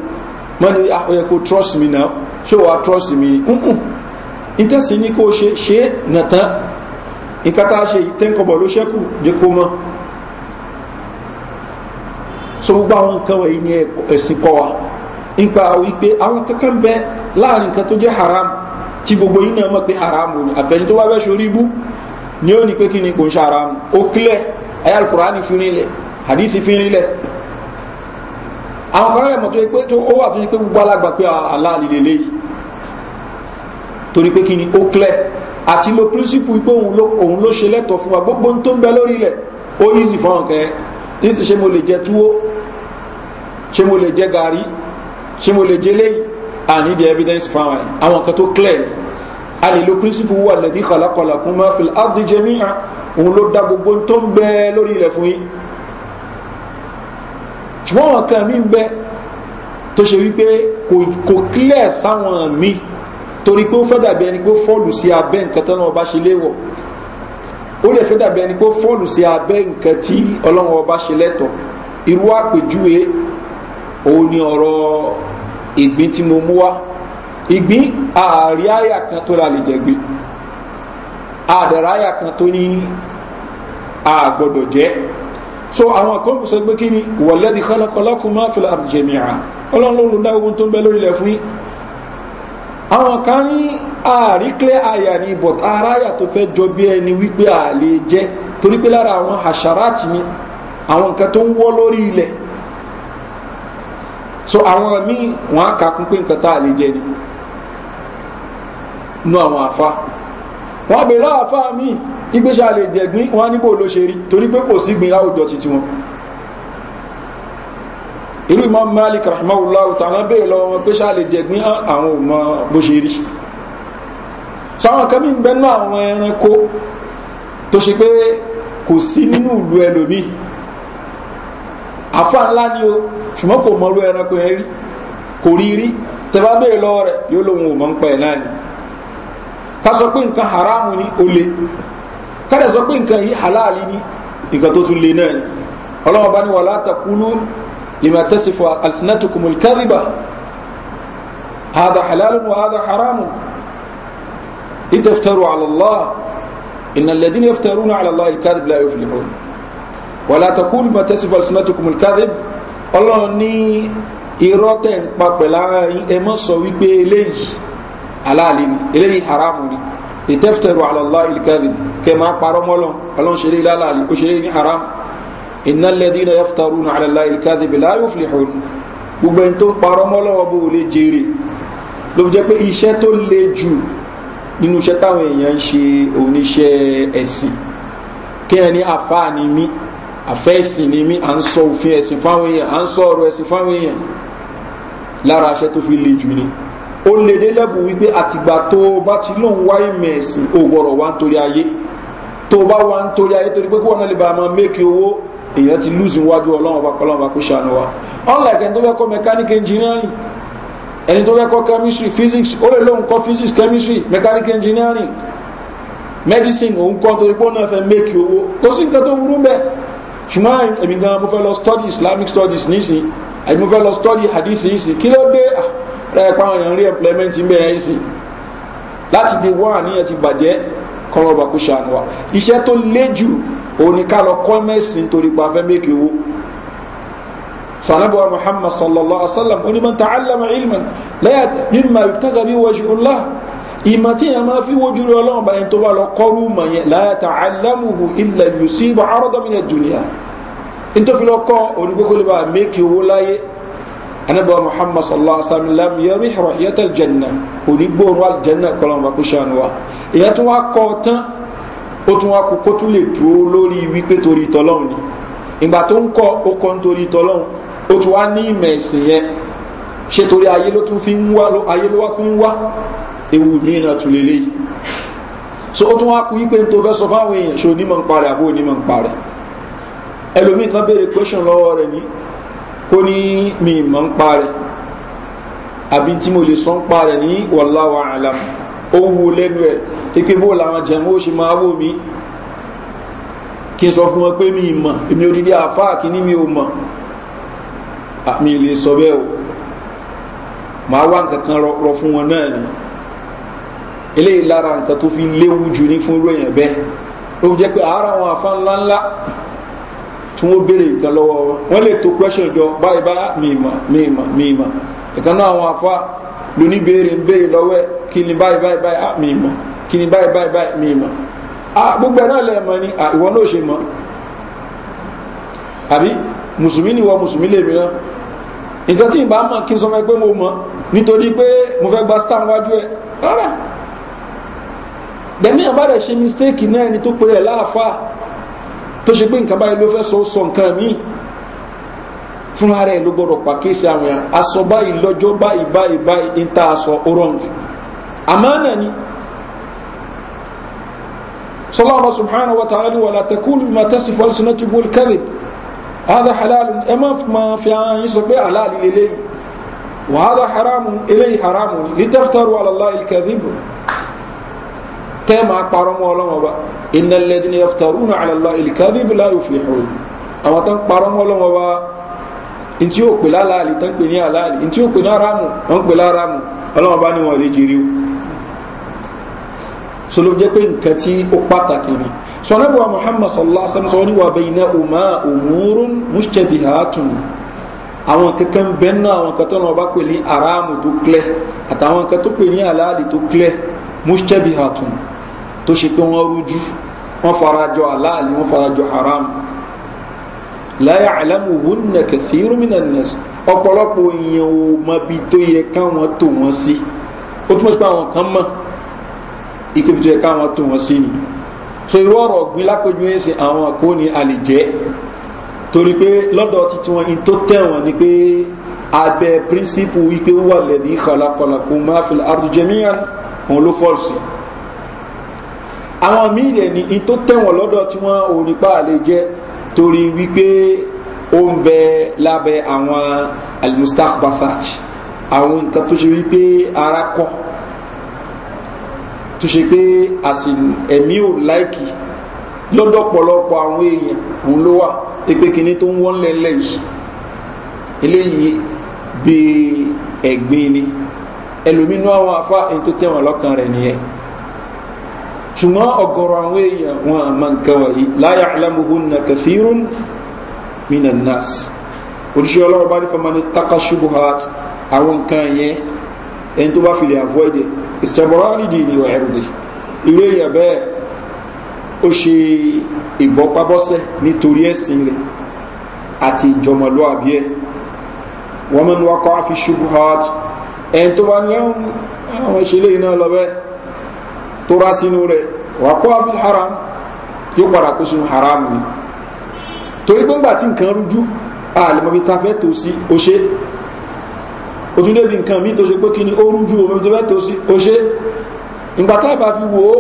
mọ́ ni ah, ó trust me now ṣé wàá trust me nkùn ìtẹ̀sí ni kó ṣe ṣe nà tán ìkátà ṣe ìtẹ́ńkọ̀bọ̀ ló ṣẹ́kù jẹ́ kó mọ́ so gbogbo àwọn nǹkan wọ̀nyí ni ẹ̀sìn kọ́ wa nípa wípé àwọn kankan bẹ láàrin nǹkan tó jẹ́ haram tí gbogbo yìí náà mọ̀ pé haram ni àfẹ́ni tó bá fẹ́ sori ibú ni ó ní pé kí ni kò ń ṣe haram ó kílẹ̀ ayé alukur'ani fi rinlẹ̀ hadithi fi rinlẹ̀ àwọn kan rẹ̀ mọ̀ tó yẹ pé ó wà tó yẹ pé gbogbo alágbà pé aláàlì lè léyìí torí pé kí ni ó kílẹ̀ àti lo píríncípù pé òun ló ṣe lẹ́tọ̀ fún wa gbogbo tó ń bẹ lórí ilẹ̀ ó yí sì fọ́n kẹ́ ní sì ṣe mo lè jẹ túwó ṣé mo lè jẹ gàrí ṣé mo lè jẹ léyìí i need evidence fáwọn yẹn àwọn kan tó clear ni a lè lo principle wà lẹ́dí kọ̀lákọ̀lá kún máa fi abdi jẹ́míà òun ló dá gbogbo tó ń bẹ lórí ilẹ̀ fún yín ṣùgbọ́n àwọn kan mi ń bẹ tó ṣe wípé kò clear sáwọn mi torí pé ó fẹ́ dàbí ẹni pé ó fọ́ọ̀lù sí abẹ́ nǹkan tán náà ọba ṣe léwọ̀ ó lè fẹ́ dàbí ẹni pé ó fọ́ọ̀lù sí abẹ́ nǹkan tí ọlọ́run ọba ṣe lẹ́tọ̀ irú àpèjúwe òun ni ọ̀rọ̀ ìgbín tí mo mú wá ìgbín ààrí àyà kan tó la lè jẹ̀gbé àdàrà àyà kan tó ní àgbọ̀dọ̀ jẹ́ so àwọn kan kò sọ pé kí ni wọ̀lẹ́dì kọ́lọ́kọ́lọ́kùn máa fi láti jẹ̀mí à ọlọ́run ló lò dá ogun tó ń bẹ lórí ilẹ̀ fún yín àwọn kan ní ààrí clear àyà ni but ara àyà tó fẹ́ jọ bí ẹni wípé àlè jẹ́ torí pé lára àwọn àṣàrà àti ni àwọn nǹkan tó ń wọ́ lórí ilẹ̀ so àwọn míì wọn á kà kún pé nǹkan tá jẹ ni nu àwọn àfa wọn bèrè àfa míì ìgbésà lè jẹ̀gbín wọn á níbò ló ṣe rí torí pé kò sígbìn láwùjọ titi wọn irú imam malik rahmanulahu tàwọn bèrè lọ wọn gbésà lè jẹ̀gbín àwọn ò bó ṣe rí sáwọn kan mi ń bẹnu àwọn ẹranko tó ṣe pé kò sí nínú ìlú ẹlòmíì àfa ńlá ni o ṣùgbọ́n kò mọ̀rú ẹranko yẹn rí kò rí rí tẹ́fà bẹ́ẹ̀ lọ rẹ̀ yóò lóun ò mọ̀ ń pẹ́ náà ni ká sọ pé nǹkan haramu ni ó le ká dẹ̀ sọ pé nǹkan yìí halali ni nǹkan tó tún le náà ni ọlọ́wọ́n bá ní wàhálà takulu lima tẹ́sifọ alsinatumul kadhiba hada halalun wa hada haramun لتفتروا على الله إن الذين يفترون على الله الكاذب لا يفلحون ولا تقول ما تصف ألسنتكم الكاذب ọlọ́run ní irọ́ tẹ̀ ń pa pẹ̀lú ẹ mọ́ sọ wípé eléyìí aláàlè ni eléyìí haramu ni ìtẹ́fẹ̀tẹ̀rù àlọ́lá ìlkẹ́rì kẹ́ máa parọ́ mọ́lọ́ ọlọ́run ṣeré láàlè ó ṣeré ní haram iná lẹ́dínà yẹ́fẹ̀tẹ̀rù àlọ́lá ìlkẹ́rì bẹ̀lá yóò fi hàn gbogbo ẹni tó parọ́ mọ́lọ́wọ́ bó lè jèrè ló fi jẹ́ pé iṣẹ́ tó le jù nínú iṣẹ́ táwọn èèyàn ń ṣe òun ẹ̀sìn kéèyàn ní àfáà ni àfẹ́sìn ni mí à ń sọ òfin ẹ̀sìn fáwọn èèyàn à ń sọ ọ̀rọ̀ ẹ̀sìn fáwọn èèyàn lára aṣẹ tó fi le jù ni ó lè dé lẹ́bù wípé àtìgbà tó o bá ti lóun wá ìmọ̀ ẹ̀sìn o gbọ́dọ̀ wá nítorí ayé tó o bá wá nítorí ayé torí pé kí wọn náà lè ba máa méèkì owó èèyàn ti lùzù wájú ọlọ́run ọba kọlọ́run ọba kó ṣàánú wa unlike ẹni tó fẹ́ kọ́ mechanic engineering ẹni tó fẹ́ kọ́ chemistry physics ó lè lóun kọ́ physics chemistry mechanic engineering medicine òun kọ́ torí pé ó náà fẹ́ méèkì owó kò sí nǹkan tó burú bẹ́ẹ̀ ṣùgbọ́n èmi gan mo fẹ́ lọ study islamic studies nísìn àti mo fẹ́ lọ study hadith nísìn kí ló dé ah, ẹ̀pá àwọn èèyàn rí employment ń bẹ̀rẹ̀ nísìn láti di wá àníyàn ti bàjẹ́ kọ́lọ́ba kó ṣàánú wa iṣẹ́ tó lé jù òun ká lọ kọ́ mẹ́sìn torí pa fẹ́ mẹ́kì owó sanabu wa muhammad sallallahu alaihi wa sallam onímọ̀ ta alama lẹ́yà mímọ̀ ìtàgàbí wajhu allah ìmọ̀ tí yẹn máa fi wojú rẹ ọlọ́run bá yẹn tó bá lọ kọ́rú mọ̀ yẹn láyàtà alámùhù ilẹ̀ yùsí bá arọ́dọ́mìnà jùnìyà nítorí lọ kọ́ onígbékólébà méèkì owó láyé anábọ̀ muhammad sallallahu alaihi wa sallam lam yẹrí rọ̀hìyàtà jẹ̀nà onígbòrò àjẹ̀nà kọlọ́mọba kò ṣàánú wa ìyẹn tún wá kọ́ tán ó tún wá kó kó tún lè dúró lórí wípé torí tọ́lọ́run ni ìgbà ewu míì náà tún lélẹ́ yìí so ó tún wá kú wípé n tó fẹ́ sọ fáwọn èèyàn ṣe onímọ̀ ń parẹ́ àbó onímọ̀ ń parẹ́ ẹlòmíì kan béèrè question lọ́wọ́ rẹ̀ ní kó ní mi ìmọ̀ ń parẹ́ àbí tí mo lè sọ ń ní wàláwà àlàm ó wo lẹ́nu ẹ̀ ipe bó làwọn jẹ̀mú ó ṣe máa wò mí kí n sọ fún wọn pé mi ìmọ̀ èmi odidi àfáà kí ní mi ò mọ̀ mi lè sọ bẹ́ẹ̀ o màá wá nǹkan kan rọ fún wọn náà ni eléyìí lára nǹkan tó fi léwu jù ní fún irú èèyàn bẹ́ẹ̀ ló fi jẹ́ pé àárọ̀ àwọn afá ńláńlá tí wọ́n béèrè nǹkan lọ́wọ́ wọn lè tó question jọ báyìí bá mìíma mìíma mìíma ìkan náà àwọn afá lóní béèrè ń béèrè lọ́wọ́ kí ni báyìí báyìí báyìí ah, mìíma kí ni báyìí báyìí báyìí mìíma ah, gbogbo ẹ̀ náà lè mọ ni ah, ìwọ náà ṣe mọ àbí mùsùlùmí ni ìwọ mùsùlùmí lè mìíràn nǹkan tí ìbá mọ̀ kí n sọ fún ẹ pé mo mọ̀ nítorí pé mo fẹ́ gba star wájú ẹ rárá dẹ̀mí àbádẹ̀ ṣe mistake náà ẹni tó pèrè ẹ̀ láàfà tó ṣe pé nǹkan báyìí ló fẹ́ sọ sọ nǹkan míì fúnra rẹ̀ ló gbọ́dọ̀ pàkíyèsí àwọn yẹn aṣọ báyìí lọ́jọ́ báyìí báyìí báyìí ń ta aṣọ orange àmánà ni sọláwọ́ subhanahu wa ta'ala wà látẹ̀kùlù ma tẹ́sí fọ́lùsùn náà ti wọ́n kẹ́rì hádà halal ẹ má fi hàn yín sọ pé halal ilé yìí haramu ilé haramu lítẹ́fítàrú alàlá ilkẹ́rì tẹ́ máa parọ́ mọ́ ọlọ́wọ́n ọba iná lẹ́dí ni yaftaruna alàlá ìlìkadì bílá yóò fi hàn àwọn tó ń parọ́ mọ́ ọlọ́wọ́n ọba ntí yóò pè láàlì tó ń pè ní àlàlì ntí yóò pè ní aramu wọ́n ń pè láramu ọlọ́wọ́n ọba ni wọ́n lè jèrè o sọlọ jẹ́ pé nǹkan tí ó pàtàkì ni sọ̀nàbùwà muhammad sallallahu alaihi wa sallam sọ ní wà bẹ́yìn náà mushtabihatun àwọn kankan bẹ́ẹ̀ náà àwọn kan tó náà bá pè ní aramu tó kílẹ̀ àtàwọn kan tó pè ní àlàlì tó kílẹ̀ mushtabihatun tó ṣe pé wọ́n rújú wọ́n farajọ aláàlì wọ́n farajọ haram láyà àlámù wúnà kẹfì rúmìnà nẹ̀sì ọ̀pọ̀lọpọ̀ èèyàn ò mọbi tó yẹ káwọn tó wọn sí ó túmọ̀ sí pé àwọn kan mọ̀ ìpèbí tó yẹ káwọn tó wọn sí ni so irú ọ̀rọ̀ ọ̀gbìn lápẹjù ẹ̀ sìn àwọn àkó ni a lè jẹ́ torí pé lọ́dọ̀ títí wọn in tó tẹ̀wọ̀n ni pé abẹ́ píríncípù wípé wà lẹ́dí ìkàlákọ̀lá kò máa fi àrùjẹmíyàn òun ló fọ́ọ̀sì àwọn míì rẹ̀ ní in tó tẹ̀wọ̀n lọ́dọ̀ tí wọ́n ò ní pa àlè jẹ́ torí wípé ó ń bẹ lábẹ́ àwọn almustakbafat àwọn nǹkan tó ṣe wípé ara kọ́ tó ṣe pé àsìn ẹ̀mí ò láìkì lọ́dọ̀ pọ̀lọpọ̀ àwọn èèyàn òun ló wà pé kinní tó ń wọ́n lẹ́lẹ́ yìí eléyìí bíi ẹ̀gbin ni ẹlòmínú àwọn afá ẹni tẹ̀wọ̀n lọ́kàn rẹ̀ nìyẹn ṣùgbọ́n ọ̀gọ̀rọ̀ àwọn èèyàn wọn àmà nǹkan wọ̀nyí láyà alámuhun na kẹfìrún mina nas oríṣiríṣi ọlọ́run bá ní fọmọ ní taka ṣubu hat àwọn nǹkan yẹn ẹni tó bá fi lè avoid it ìṣàbọ̀rọ̀ àrídì ni ìwà ẹ̀rù dì irú èèyàn bẹ́ẹ̀ ó ṣe ìbọ́pábọ́sẹ̀ nítorí ẹ̀sìn rẹ̀ àti ìjọmọlúàbí ẹ̀ wọ́n mẹ́nu wakọ̀ àfi ṣubu hat ẹni tó bá ní àwọn ìṣẹ̀lẹ̀ yìí Tora rá sínú rẹ̀ wà kó haram yóò padà kó sínú haram ni torí pé ńgbà tí nǹkan rújú àlèmọ̀bí ta fẹ́ tó sí ó ṣe ó tún débi nǹkan míì tó ṣe pé kí ni ó rújú òmìnir tó fẹ́ tó sí ó ṣe ìgbà tá a bá fi wò ó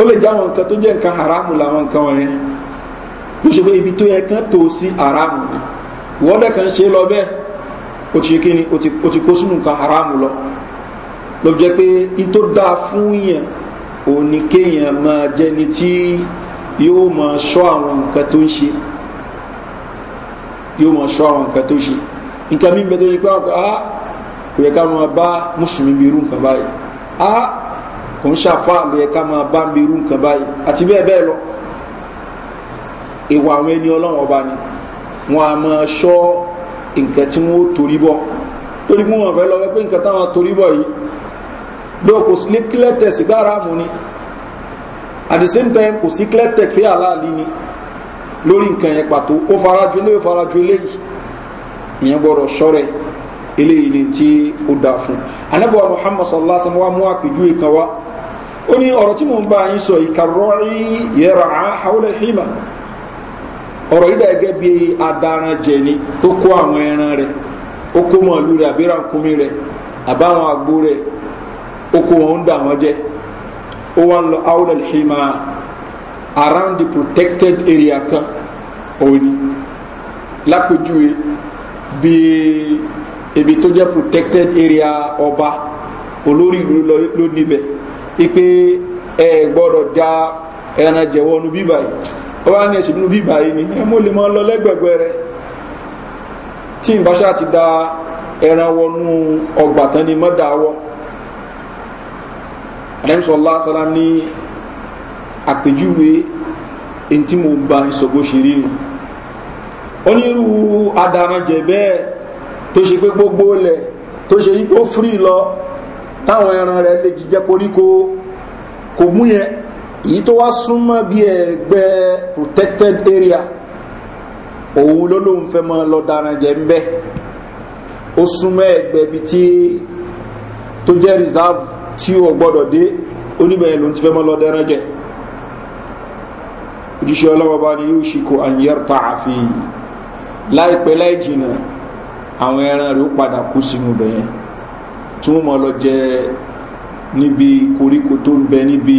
ó lè jáwọn nǹkan tó jẹ́ nǹkan haramu làwọn nǹkan wọ̀nyẹn bó ṣe pé ibi tó yẹ kán tó sí haramu ni wọ́n dẹ̀ kàn ṣe lọ bẹ́ẹ̀ ó ti ṣe kí ni ó ti kó sínú nǹkan haramu lọ ló fi jẹ́ pé in dáa fún yẹn òní kéèyàn máa jẹni tí yóò máa sọ àwọn nǹkan tó ń ṣe yóò máa sọ àwọn nǹkan tó ṣe nǹkan mímu bẹ tó ṣe pé ah kò yẹ ká máa bá mùsùlùmí bí irú nǹkan báyìí ah kò ń ṣàfà ló yẹ ká máa bá bí irú nǹkan báyìí àti bẹ́ẹ̀ bẹ́ẹ̀ lọ ìwà àwọn ẹni ọlọ́run ọba ni wọn a máa sọ nǹkan tí wọn ó torí bọ́ torí mú wọn fẹ́ lọ wẹ́ pé nǹkan táwọn torí bọ́ yìí dó kò sí clear text gbá ni at the same time kò sí clear text pé aláàlí ni lórí nǹkan faraju eléyìí faraju eléyìí ìyẹn gbọ́dọ̀ ṣọ́rẹ̀ eléyìí ni ti o da fun anábọ̀wá muhammad sallallahu alaihi wa sallam wa mú àpèjúwe kan wá ó ní ọ̀rọ̀ tí oko wọn ń dà wọn jẹ ó wà ń lọ awolal hima around the protected area kan òní lápèjúwe bíi ibi tó jẹ́ protected area ọba olórí ìlú ló níbẹ̀ ipe ẹ gbọ́dọ̀ da ẹran jẹ̀wọ́ nu bíbá yìí ó wá ní ẹ̀sìn nu bíbá yìí ni ẹ mú lè mọ́ lọ lẹ́gbẹ̀gbẹ́ rẹ tí ìbáṣà ti da ẹran wọnú ọgbà tán ni mọ́ dáwọ́ anabi sọ allah salam ní àpèjúwe ntí mo gba ìsọgbó ṣe rí nu onírúurú adaranjẹ bẹ́ẹ̀ tó ṣe pé gbogbo lẹ̀ tó ṣe yí pé ó firi lọ táwọn ẹran rẹ̀ lè jíjẹ koríko kò mú yẹn èyí tó wá súnmọ́ bí ẹgbẹ́ protected area òun ló lóun fẹ́ mọ́ lọ daranjẹ ń bẹ́ẹ̀ ó súnmọ́ ẹgbẹ́ bíi tí tó jẹ́ reserve tí o gbọ́dọ̀ dé oníbẹ̀yẹn ló ń ti fẹ́ mọ́ lọ dẹ́rán jẹ ojúṣe ọlọ́wọ́ bá ní yóò ṣìkò àyẹ̀rta àfi láìpẹ́ láì jìnà àwọn ẹran rẹ̀ ó padà kú sínú bẹ̀yẹn tí wọ́n mọ̀ lọ jẹ níbi koríko tó ń bẹ níbi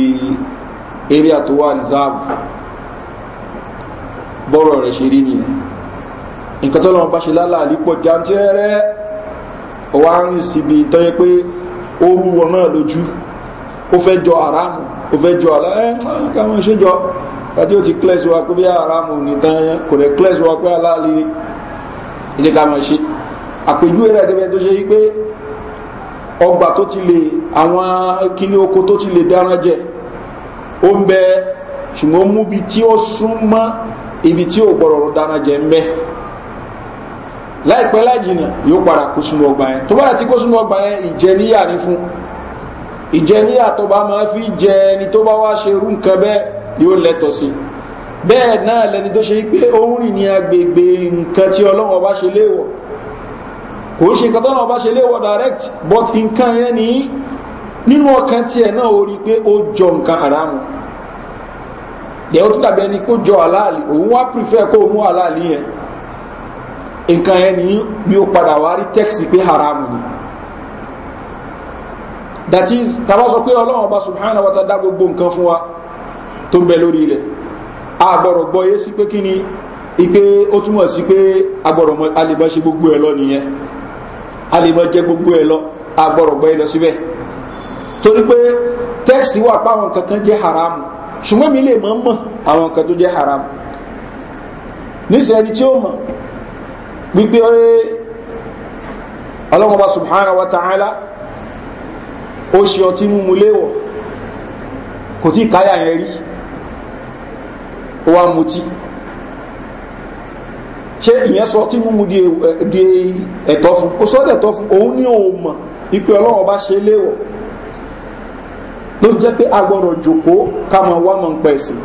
area tó wà reserve bọ́rọ̀ rẹ̀ ṣe rí nìyẹn nǹkan tó lọ́wọ́ bá ṣe lálàá lípọ̀ jantẹ́rẹ́ wàá rìn síbi tọ́yẹ pé orú wọn náà lójú ó fẹ́ jọ àrámù ó fẹ́ jọ àlá ẹ eh, káwọn ṣe jọ àti ó ti kílẹ̀sì wa pé bí àrámù nìtàn yẹn kò rẹ̀ kílẹ̀sì wa pé aláàlì ilé káwọn ṣe àpèjúwe rẹ̀ gẹ́gẹ́ tó ṣe yí pé ọgbà tó ti lè àwọn kíní oko tó ti lè dáná jẹ ó ń bẹ ṣùgbọ́n mú bi tí ó sún ibi tí ò gbọ́dọ̀ dáná jẹ ń bẹ́ẹ̀ láìpẹ́ láì jìnà yóò padà kó sínú ọgbà yẹn tó bá ti kó sínú ọgbà yẹn ìjẹníyà ni fún ìjẹníyà tó bá máa fi jẹ ẹni tó bá wá ṣe irú nǹkan bẹ́ẹ̀ yóò lẹ́tọ̀ sí bẹ́ẹ̀ náà lẹni tó ṣe pé òun rìn ní agbègbè nǹkan tí ọlọ́run ọba ṣe léèwọ̀ kò ń ṣe nǹkan tọ́lọ́run ọba ṣe léèwọ̀ direct but nǹkan yẹn ní nínú ọkàn tiẹ̀ náà ó rí i pé ó jọ nǹkan àrámu ìyẹn ó tún dàbí ẹni pé jọ àláàlì òun wá prefer kó o mú àláàlì yẹn nǹkan yẹn ní bí ó padà wá rí tẹ́kìsì pé haramu ni that is tàbá sọ pé ọlọ́run ọba subhanahu wa ta dá gbogbo nǹkan fún wa tó ń bẹ lórí ilẹ̀ agbọ̀rọ̀ gbọ́ yé sí pé kí ni ipe ó túmọ̀ sí pé agbọ̀rọ̀ alìbọn ṣe gbogbo ẹ̀ lọ nìyẹn alìbọn jẹ gbogbo ẹ̀ lọ agbọ̀rọ̀ gbọ́ yé lọ síbẹ̀ torí pé tẹ́kìsì wà páwọn kankan jẹ́ haramu ṣùgbọ́n mi lè mọ̀ mọ̀ àwọn kan tó jẹ́ haramu nísìnyẹn ni tí ó mọ̀ gbígbé ọlọ́wọ́n bá subhanahu wa ta'ala ó ṣe ọtí múmu léwọ̀ kò tí káyà yẹn rí ó wá mutí ṣé ìyẹn sọ ọtí múmu eh, di ẹ̀tọ́ fún ó sọ́dọ̀ ẹ̀tọ́ fún òun ní òun mọ̀ ipe ọlọ́wọ́n bá ṣe léwọ̀ ló fi jẹ́ pé a jòkó ká wá mọ̀ ń pẹ̀ sí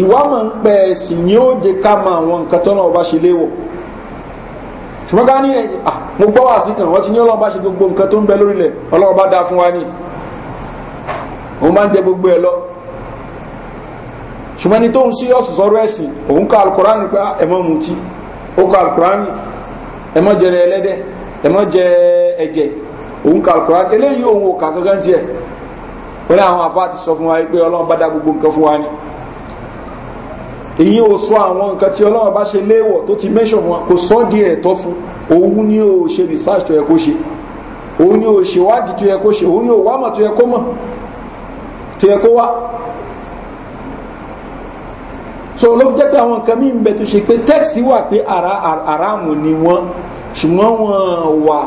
ìwá mọ̀ ń pẹ̀ sí ni ó jẹ́ ká àwọn nǹkan tọ́nà ọba ṣe léwọ̀ ṣùgbọ́n ká ní ah, mo gbọ́ wá sí kan wọ́n ti ní ọlọ́run bá ṣe gbogbo nǹkan tó ń bẹ lórílẹ̀ ọlọ́run bá dá fún wa ní òun máa ń gbogbo ẹ lọ ṣùgbọ́n ẹni tó ń síyọ́sù sọ́rọ́ ẹ̀sìn òun ka alukurani pa ah, ẹ̀mọ́ mutí ó alukurani jẹrẹ jẹ ẹ̀jẹ̀ òun alukurani eléyìí òun ò kà gángan tiẹ̀ wọ́n ní àwọn afa ti sọ fún wa pé ọlọ́run bá gbogbo nǹkan èyí ò sọ àwọn nǹkan tí ọlọ́run bá ṣe léèwọ̀ tó ti mẹ́ṣọ̀ wọn kò sọ́ di ẹ̀tọ́ fún òun ni ó ṣe research tó yẹ kó ṣe òun ni ó ṣe wádìí tó yẹ kó ṣe òun ni ó wámọ̀ tó yẹ kó mọ̀ tó yẹ kó wá so ló fi jẹ́ pé àwọn nǹkan míì ń bẹ tó ṣe pé tẹ́ẹ̀sì wà pé aráàmù ni wọ́n ṣùgbọ́n wọ́n wà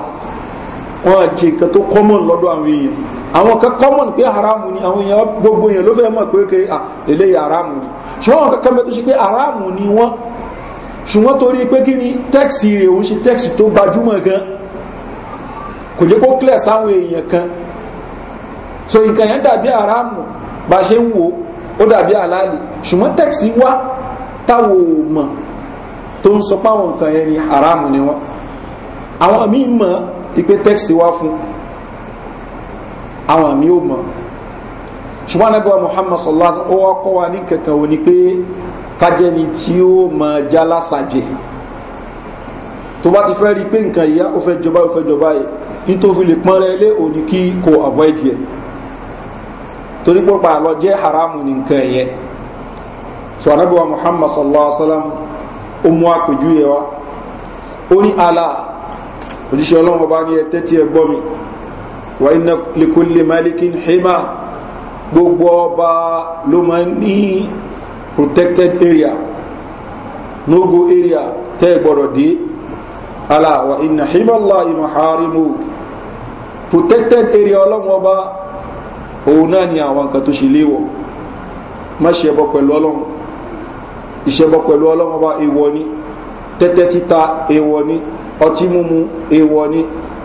wọ́n jẹ nǹkan tó kọ́mọ̀ lọ́dọ̀ àwọn èèyàn àwọn kan kọ́mọ̀n pé haramu ni àwọn èèyàn gbogbo èèyàn ló fẹ́ mọ̀ pé ké ah, eléyìí haramu ni ṣùgbọ́n àwọn kankan bẹ tó ṣe pé haramu ni wọ́n ṣùgbọ́n torí pé kí ni tẹ́ksì rẹ̀ òun ṣe tẹ́ksì tó gbajúmọ̀ gan kò jẹ́ kó clear sáwọn èèyàn kan so nǹkan yẹn dàbí haramu bá ṣe ń wo ó dàbí àlàálì ṣùgbọ́n tẹ́ksì wá táwo mọ̀ tó ń sọ páwọn nǹkan yẹn ni haramu ni wọ́n àwọn míì mọ̀ ìpè àwọn mi ò mọ̀ ṣùgbọ́n anábíwá muhammad sallallahu alaihi wa sallam ó wá kọ́ wa ní kankan wo ni pé kájẹni tí ó mọ jálásàjẹ tó bá ti fẹ́ rí pé nǹkan ìyá ó fẹ́ jọba ó fẹ́ jọba yìí nítorí lè pọ́n rẹ lé òní kí kò avoid yẹ torí pé pààlọ́ jẹ́ haramu ní nǹkan ẹ̀yẹ so anábíwá muhammad sallallahu alaihi wa sallam ó mú àpèjúwe wa ó ní àlà òjíṣẹ́ ọlọ́run ọba ní ẹ tẹ́tí ẹ gbọ́ mi wà iná lèkólè malikin hema gbogbo ọba ló máa ní protected area nogo area tẹ́ gbọ́dọ̀ dé ala wà iná hema láì maharimu protected area ọlọ́wọ́ ọba òun náà ni àwọn nǹkan tó ṣe léwọ̀ má ṣe pẹ̀lú ọlọ́run ìṣẹbọ pẹ̀lú ọlọ́run ọba èèwọ̀ ni tẹ́tẹ́ títa èèwọ̀ ni ọtí mímu èèwọ̀ ni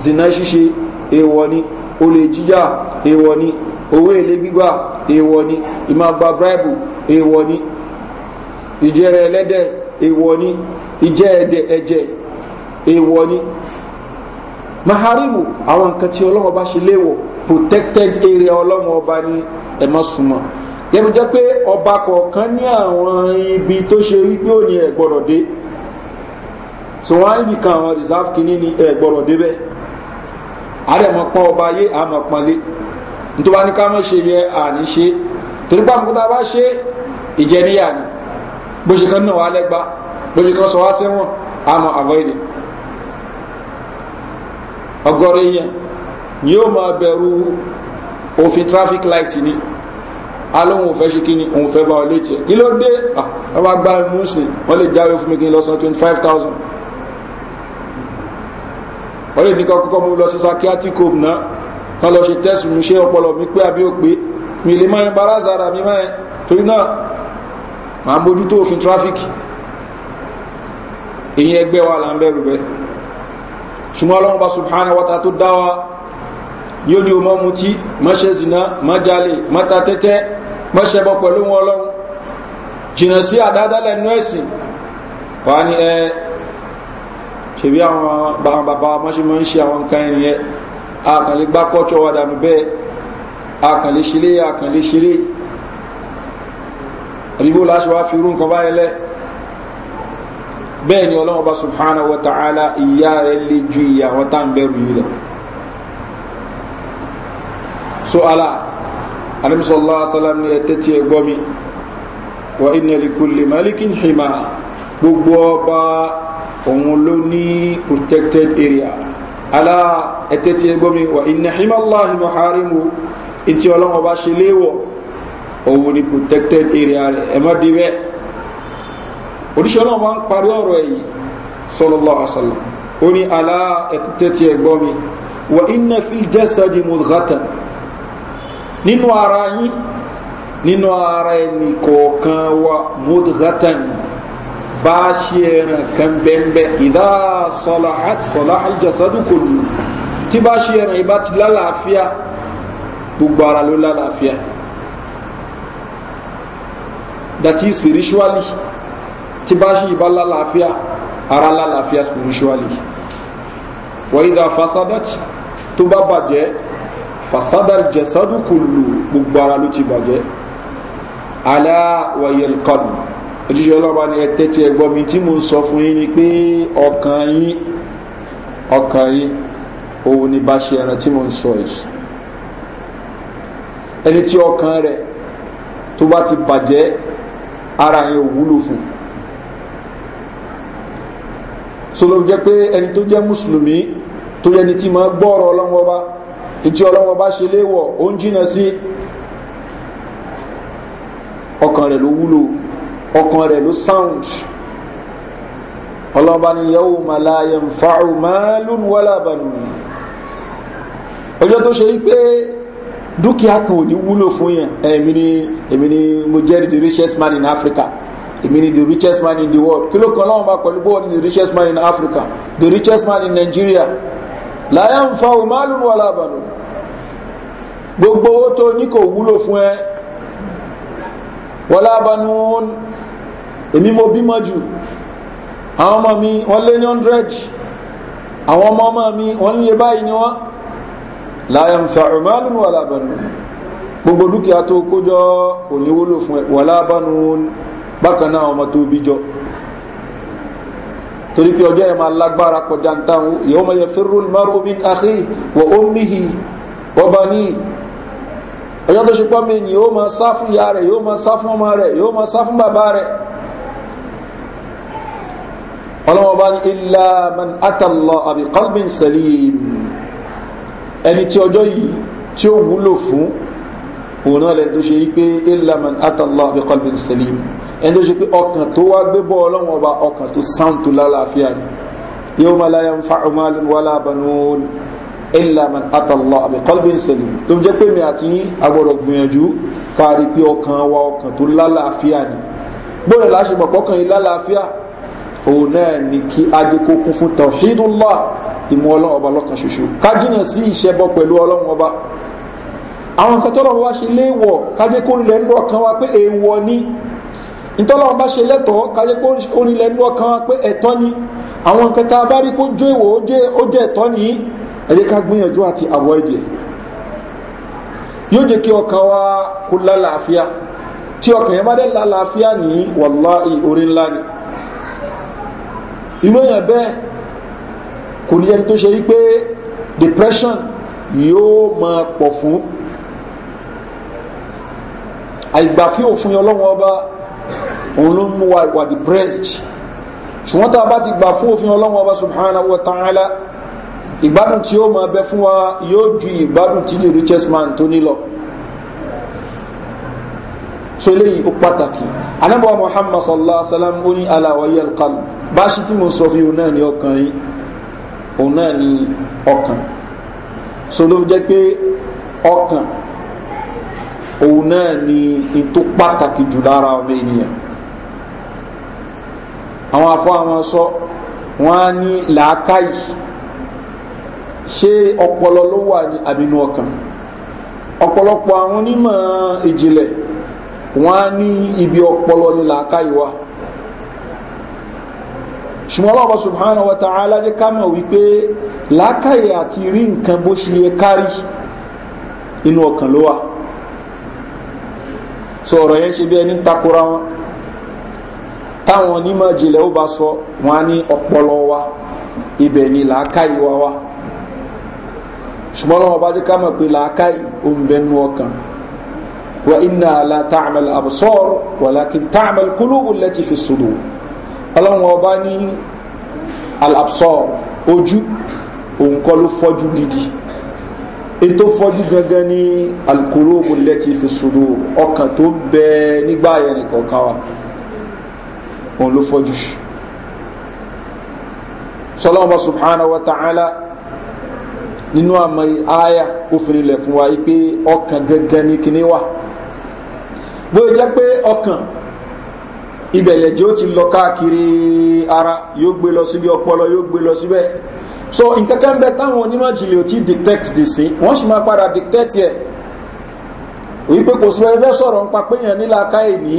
zina ṣíṣe èèwọ̀ ni olè jíjà èèwọ̀ ni owó èlé gbígbà èèwọ̀ ni ìmàgbà bíráìbù èèwọ̀ ni ìjẹrẹ ẹlẹ́dẹ̀ èèwọ̀ ni ìjẹ èèwọ̀ ni àwọn nǹkan tí ọlọ́wọ́ bá ṣe léwọ̀ protected area ọlọ́wọ́ ọba ní ẹ̀mọ́ súnmọ́ yẹ́bi jẹ́ pé ọba kọ̀ọ̀kan ní àwọn ibi tó ṣe rí ò ní ẹ̀ gbọ́dọ̀ dé so wọ́n á níbi kan àwọn reserve kìíní ní àdèmọ̀pọ̀n ọba ayé àmọ̀pọ̀nlé nítorí wọn ní ká má ṣe yẹ àní ṣe torí pé àmọ̀kúta bá ṣe ìjẹniyà ni bó ṣe kan náà wà lẹ́gba bó ṣe kan sọ wá sẹ́wọ̀n àmọ̀ avoid ọgọ́rọ̀ yẹn ni yóò máa bẹ̀rù òfin traffic light ni alóhun òfẹ́ ṣe kí ni òun fẹ́ bá ọ létí ẹ̀ kí ló dé àwọn agbá mú sí wọ́n lè jáwé fún mi kí n lọ san twenty five thousand wọ́n lè ní kọ́kọ́ mú lọ sí psychiatric home náà wọ́n lọ ṣe test mi ṣé ọpọlọ mi pé àbí òpé mi lè máa ń bára zara mi máa ń torí náà màá bójútó òfin traffic ìyẹn ẹgbẹ́ wa là ń bẹ̀rù bẹ́ẹ̀ ṣùgbọ́n ọlọ́run bá subhana wata tó dá wa yóò ní o mọ́ mutí mọ́ ṣe zina mọ́ jalè mọ́ ta tẹ́tẹ́ mọ́ ṣẹbọ pẹ̀lú wọn ọlọ́run jìnnà sí àdádálẹ̀ nú ẹ̀sìn wà ní ẹ ṣèbí àwọn bàbá wọn ṣe máa ń ṣe àwọn nǹkan ẹni yẹn àkànlé gbá kọ́tsọ̀ wa dànù bẹ́ẹ̀ àkànlé ṣeré àkànlé ṣeré àbíbó láṣọ wa fi irú nǹkan báyẹn lẹ bẹ́ẹ̀ ni ọlọ́run ọba subhanahu wa ta'ala ìyá rẹ̀ lè ju ìyá wọn tá à ń bẹ̀rù yìí so ala alamisalaam salam ni ẹtẹ tiẹ gbọ mi wa inna likulli malikin hima gbogbo ọba òun ló ní protected area alá ẹ̀tẹ́ tí ẹ gbọ́ mi wà iná himaláhi maharimu ìtì ọlọ́wọ́ bá ṣe léwọ̀ òun ní protected area rẹ̀ ẹ má di bẹ́ẹ̀ oníṣẹ́ ọlọ́wọ́ máa ń parí ọ̀rọ̀ ẹ̀yìn sọlọ́lá àṣàlá ó ní alá ẹ̀tẹ́ tí ẹ gbọ́ mi wà iná fi jẹ́sà di mudgatan nínú ara yín nínú ara ẹnì kọ̀ọ̀kan wa mudgatan yìí bá ṣe ẹran kan bẹ́ẹ̀nbẹ́ ìdá sọláhàjàsádù kò lù tí bá ṣe ẹran ìbá ti lálàáfíà gbogbo ara ló lálàáfíà that is spiritually tí bá ṣe ìbá lálàáfíà ara lálàáfíà spiritually wọ́n ìdá fasadat tó bá bàjẹ́ fasadar jasadu kulu gbogbo ara ti bàjẹ́ ala wayel kọlu òjíṣẹ́ ọlọ́ba ni ẹ tẹ́tí ẹgbọ́n mi tí mo ń sọ fún yín ni pé ọkàn yín ọkàn yín òun ni bá ṣe ẹran tí mo ń sọ yìí ẹni tí ọkàn rẹ̀ tó bá ti bàjẹ́ ara yẹn ò wúlò fún sọlọ́ jẹ́ pé ẹni tó jẹ́ mùsùlùmí tó yẹ ni tí máa gbọ́ọ̀rọ̀ ọlọ́wọ́ bá ìtí ọlọ́wọ́ bá ṣe léwọ̀ ó ń jìnà sí ọkàn rẹ̀ ló wúlò fún ọkàn rẹ̀ ló sound ọlọ́ba ni yẹ́wò màláyẹ̀ ń fa òmàlùn wàlábàlù ọjọ́ tó ṣe pé dúkìá kan ò ní wúlò fún yẹn èmi ni èmi ni mo jẹ́ the richest man in africa èmi ni the richest man in the world kí ló kan láwọn bá pẹ̀lú bó wọ́n ni the richest man in africa the richest man in nigeria láyé ń fa òmàlùn wàlábàlù gbogbo owó tó ní kò wúlò fún ẹ wàlábàlù èmi mo bímọ jù àwọn ọmọ mi wọ́n lé ní hundred àwọn ọmọ ọmọ mi wọ́n ń lé báyìí ni wọ́n láyà ń fa ọ̀mọ́lùmọ́ alábànú gbogbo dúkìá tó kójọ kò ní wúlò fún ẹ wà lábànú bákan náà ọmọ tó bí jọ torí pé ọjọ́ yẹn máa lágbára kọjá ń tán yóò máa yẹ fẹ́rù márùn mi àhí wọ omihi wọ́n bá ní ọjọ́ tó ṣe pọ́ mi ni yóò máa sá fún ìyá rẹ̀ yóò máa sá fún ọmọ rẹ̀ yóò máa sá fún bàbá rẹ̀ ọlọ́wọ́n bá ní ilá man atalọ àbí kalbin salim ẹni tí ọjọ́ yìí tí ó wúlò fún òun náà lẹ́nu tó ṣe yí pé ilá man atalọ àbí kalbin salim ẹni tó ṣe pé ọkàn tó wá gbé bọ́ ọlọ́wọ́n bá ọkàn tó sáǹtò lálàáfíà ni yóò máa láyà ń fa ọmọlẹ́ wàlá abanúwọ́n ilá man atalọ àbí kalbin salim tó ń jẹ́ pé mi àti yín agbọ́dọ̀ gbìyànjú káàrí pé ọkàn wa ọkàn tó lálàáfíà ni gbọ́dọ̀ láṣepọ̀ pọ́kàn yìí lálàáfíà òun náà ni kí adékó kún fún tawhidullah ìmú ọlọ́run ọba lọ́kan ṣoṣo kájínà sí ìṣẹ́bọ pẹ̀lú ọlọ́run ọba àwọn nǹkan tọ́lọ́run wá ṣe léèwọ̀ kájékó rílẹ̀ ńdọ̀ kan wá pé èèwọ̀ ni ìtọ́lọ́run bá ṣe lẹ́tọ̀ọ́ kájékó rílẹ̀ ńdọ̀ kan wá pé ẹ̀tọ́ ni àwọn nǹkan tá a bá rí kó jó èèwọ̀ ó jẹ́ ẹ̀tọ́ nìyí ẹ̀jẹ̀ ká gbìyànjú àti avoid ẹ̀ yóò jẹ́ kí ọkàn wa kó lálàáfíà tí ọkàn yẹn bá dẹ̀ lálàáfíà ní wàláì orí ńlá ni. Wallahi, irú èèyàn bẹ́ẹ̀ kò ní ẹni tó ṣe wípé depression yóò máa pọ̀ fún àìgbàfí òfin ọlọ́wọ́n ọba òun ló ń mú wa wà depressed ṣùgbọ́n tá a bá ti gbà fún òfin ọlọ́wọ́n ọba subhanahu wa ta'ala ìgbádùn tí ó máa bẹ fún wa yóò ju ìgbádùn tí the richest man tó ní lọ so eléyìí ó pàtàkì anábọ̀ muhammad sallallahu alayhi wa sallam ó ní aláwọ̀yé alqal bá ṣe tí mo sọ fún yìí òun náà ni ọkàn yìí òun náà ni ọkàn so ló jẹ́ pé ọkàn òun náà ni ètò pàtàkì jù lára ọmọ ènìyàn àwọn afọ àwọn sọ wọn á ní làákàyè ṣé ọpọlọ ló wà ní àbínú ọkàn ọ̀pọ̀lọpọ̀ àwọn onímọ̀ ìjìnlẹ̀ wọ́n á ní ibi ọpọlọ ní làákàyè wa ṣùgbọ́n ọlọ́ọ̀bọ̀ subhanahu wa ta'ala jẹ́ ká mọ̀ wípé làákàyè àti rí nǹkan bó ṣe yẹ kárí inú ọkàn ló wà so ọ̀rọ̀ yẹn ṣe bí ẹni takora wọn táwọn onímọ̀ jìnlẹ̀ ó bá sọ wọn ní ọpọlọ wa ibẹ̀ ni làákàyè wa wa ṣùgbọ́n ọlọ́ọ̀bọ̀ jẹ́ ká mọ̀ pé làákàyè ó ń bẹnu ọkàn وإنها لا تعمل الأبصار ولكن تعمل القلوب التي في الصدور ọlọ́run ọba ní alapsor ojú òun kọ́ ló fọ́jú gidi ètò fọ́jú gangan ní alukorobo lẹ́tì fi sòdò ọkàn tó bẹ nígbà ayẹni kọ̀ọ̀kan wa òun ló fọ́jú sọlọ́mọba subhanahu wa ta'ala nínú àmọ́ aya ó fi rinlẹ̀ fún wa yí pé ọkàn gangan ní kíní wa bóyá jẹ́ pé ọkàn ibẹ̀lẹ̀ jẹ́ ó ti lọ káàkiri ara yóò gbé lọ síbi ọpọlọ yóò gbé lọ síbẹ̀ so nǹkan kan bẹ táwọn onímọ̀ jìnlẹ̀ ò ti detect dì sí wọ́n sì máa padà detect yẹ wípé kò sí ẹgbẹ́ sọ̀rọ̀ ń pa péyàn nílà káyè ní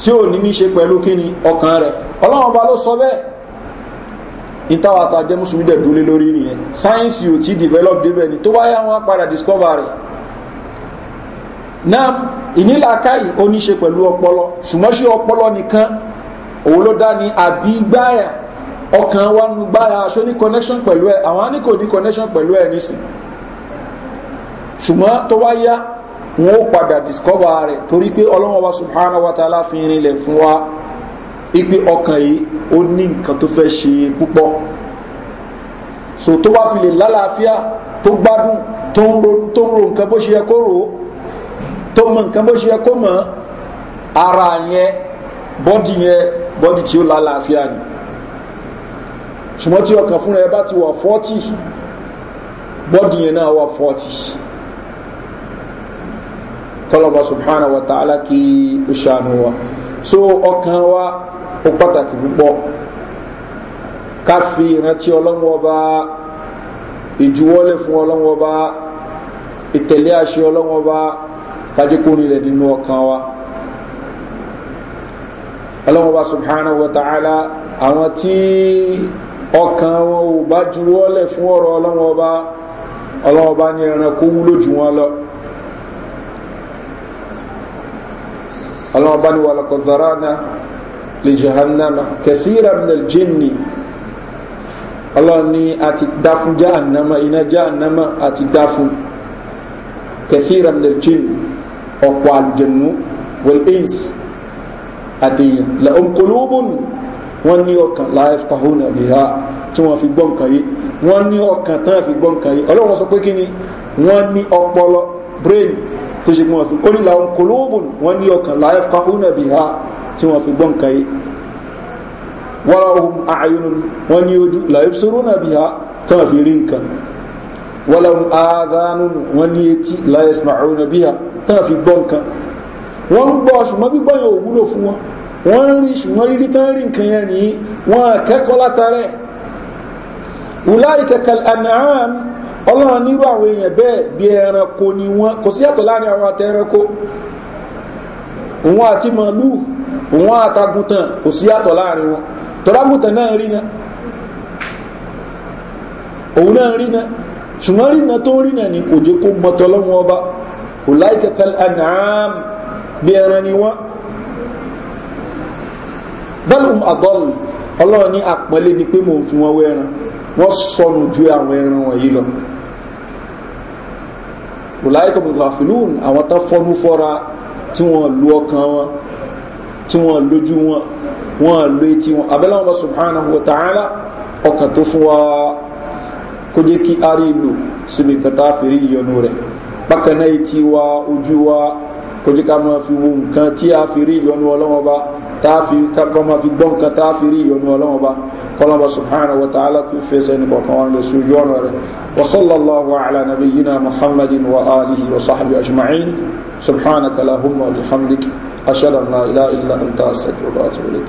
tí ò ní ní ṣe pẹ̀lú kíni ọkàn rẹ̀ ọlọ́run ba ló sọ bẹ́ẹ̀ ìtawà àtàjẹ́ mùsùlùmí dẹ̀ dúlé lórí nìyẹn sáyẹ́nsì ò ti develop débẹ̀ ni tó bá yá wọn padà discover rẹ̀ náà ìnílàákàyè ó ní ṣe pẹ̀lú ọpọlọ ṣùgbọ́n ṣé ọpọlọ nìkan òun ló dá ní àbí gbáyà ọkàn wa nu gbáyà aṣọ ní connection pẹ̀lú ẹ àwọn á ní kò ní connection pẹ̀lú ẹ nísìn ṣùgbọ́n tó wá yá wọn ó padà discover rẹ̀ torí pé ọlọ́wọ́n wa subhanahu wa ta'ala fi rinlẹ̀ fún wa ipe ọkàn yìí ó ní nǹkan tó fẹ́ ṣe púpọ̀ so tó wá fi lè lálàáfíà tó gbádùn tó ń ro nǹkan bó ṣe yẹ kó rò ó tó mọ nǹkan bó ṣe yẹ kó mọ ara yẹn bọ́dì yẹn bọ́dì tí ó lálàáfíà ni ṣùgbọ́n tí ọkàn fúnra ẹ bá ti wà fọ́tì bọ́dì yẹn náà wà fọ́tì kọlọ̀bọ̀ subhanahu wa ta'ala kí ó ṣàánú wa so ọkàn wa ó pàtàkì púpọ̀ ká fi ìrántí ọlọ́wọ́ bá ìjuwọ́lẹ̀ fún ọlọ́wọ́ bá ìtẹ̀lé àṣẹ ọlọ́wọ́ bá kájíkúrin rẹ̀ nínú ọkàn wa ọlọ́wọ́n bá subhanahu wa ta'ala àwọn tí ọkàn wọn ò bá juwọ́lẹ̀ fún ọ̀rọ̀ ọlọ́wọ́n bá ọlọ́wọ́n bá ní ẹranko wúlò jù wọn lọ ọlọ́wọ́n bá ní wàlọ́kọ̀ọ́dọ́rọ́nà lè jahannama kẹsíra minal jinni ọlọ́run ní a ti jahannama iná jahannama a ti kẹsíra minal jinni ọ̀pọ̀ àlùjẹ̀nu wẹ̀l ins àtẹ̀yìn la onkolobon wọ́n ní ọkàn láìf tahona biha tí wọ́n fi gbọ́ nǹkan yìí wọ́n ní ọkàn tán fi gbọ́ nǹkan yìí ọlọ́run sọ pé kí ni wọ́n ní ọpọlọ brain tó ṣe wọ́n fi ó ní la onkolobon wọ́n ní ọkàn láìf tahona biha tí wọ́n fi gbọ́ yìí wọ́n ní ojú láìf sorona biha tán fi rí nǹkan wọ́lá àádánù wọn ní etí láyẹ̀sì màáhùn bí i tán fi gbọ́ nǹkan wọ́n ń gbọ́ ṣùgbọ́n gbígbọ́ yẹn ò wúlò fún wọn wọ́n ń rí ṣùgbọ́n rírí tán rí nǹkan yẹn ní wọ́n akẹ́kọ̀ọ́ látàrẹ́ wùláì kẹkẹl anam ọlọ́run nírú àwọn èèyàn bẹ́ẹ̀ bí ẹranko ni wọ́n kò sí yàtọ̀ láàrin àwọn àti ẹranko òun àti màálù òun àtagùntàn kò sí yàtọ̀ láàrin wọn tọ́lágùntàn náà rí náà òun náà rí náà ṣùgbọ́n rìnà tó ń rìnà ni kò jẹ́ kó mọ́tọ́ lọ́wọ́ ọba kò láì kankan anam bí ẹran ni wọ́n bẹ́lùm àdọ́lù ọlọ́run ní àpọ́nlé ni pé mò ń fi wọ́n wé ẹran wọ́n sọnù ju àwọn ẹran wọ̀nyí lọ kò láì kankan àwọn tán fọnú fọra tí wọ́n lu ọkàn wọn tí wọ́n lójú wọn wọ́n lu etí wọn abẹ́lẹ́ wọn bá subhanahu wa ta'ala ọkàn tó fún wa kó jẹ́ kí a rí ìlú síbi nǹkan tá a fi rí ìyọnu rẹ̀ bákan náà etí wa ojú wa kó jẹ́ ká máa fi wo nǹkan tí a fi rí ìyọnu ọlọ́wọ́n bá tá a fi ká fi gbọ́ nǹkan tá a fi rí ìyọnu ọlọ́wọ́n bá kọ́lọ́mọ wa ta'ala kò fẹsẹ̀ ní kọ̀ọ̀kan wọn lè sojú ọ̀nà rẹ̀ wa sallallahu ala nabiyyina muhammadin wa alihi wa sahbihi ajma'in subhana kala humna wa bihamdik ashhadu an la ilaha illa anta astaghfiruka wa atubu ilayk.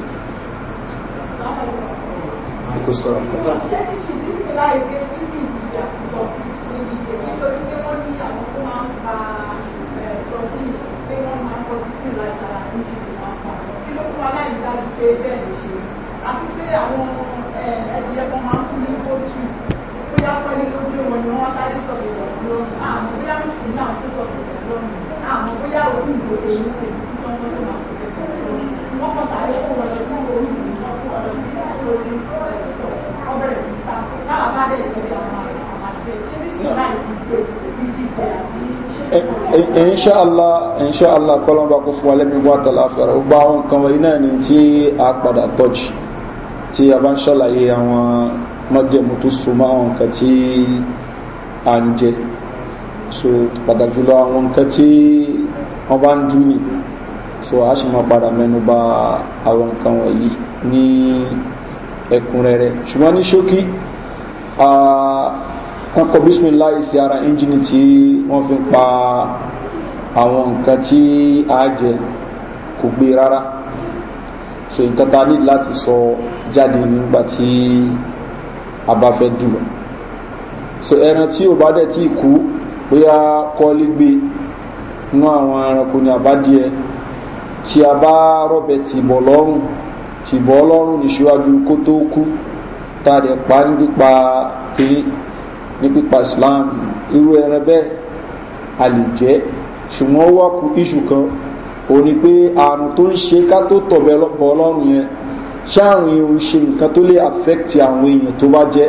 inshallah Allah, kọlọmba kò fún wa lẹ́mi wá tala fẹ́rẹ̀ O gba àwọn nǹkan wọ̀nyí náà ni tí a padà tọ́jú tí a bá ń ṣàlàyé àwọn májẹ̀mú tó súnmọ́ àwọn nǹkan tí à ń jẹ so pàtàkì lọ àwọn nǹkan tí wọ́n bá ń dún ni so a sì máa padà mẹ́nu ba àwọn nǹkan wọ̀nyí ní ẹ̀kúnrẹ́rẹ́ ṣùgbọ́n ní ṣókí kan kọ bísmìlá ìsì ara ẹ́ńjìnì tí wọ́n fi ń pa àwọn nǹkan tí a jẹ kò gbé rárá so nǹkan ta ní láti sọ jáde nígbà tí a bá fẹ́ dùn so ẹran tí ò bá dẹ̀ tí kú bóyá kọ́lé gbé nínú àwọn ẹranko ní àbádìẹ tí a bá rọ̀bẹ̀ tìbọ̀ lọ́rùn tìbọ̀ lọ́rùn ní síwájú kó tó kú tá a dẹ̀ pa ní pípa kiri ní pípa islam irú ẹran bẹ́ẹ̀ a lè jẹ́ ṣùgbọ́n ó wá ku iṣu kan ò ní pé àrùn tó ń ṣe ká tó tọ̀bẹ̀ bọ̀ lọ́rùn yẹn ṣáàrùn yìí ò ń ṣe nǹkan tó lè affect àwọn èèyàn tó bá jẹ́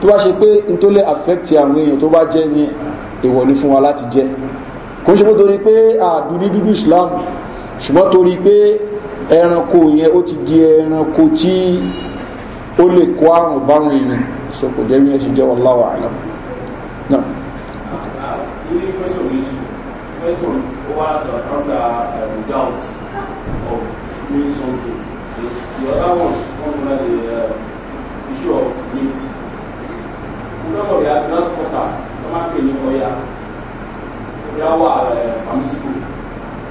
tó bá ṣe pé n tó lè affect àwọn èèyàn tó bá jẹ́ ni èèwọ̀ ní fún wa láti jẹ́ kò ṣe mọ́ torí pé àdùn dúdú islam ṣùgbọ́n torí pé ẹranko yẹn ó ti di ẹranko tí ó lè kó àrùn báwọn èèyàn so kò jẹ́ bí ẹ ṣe jẹ́ wọn láwọ̀ àlọ́ doubt of doing something the other one one of the uh, issue of meat. one of the transporter ọmọ akpẹ ní ọya they are uh, permissible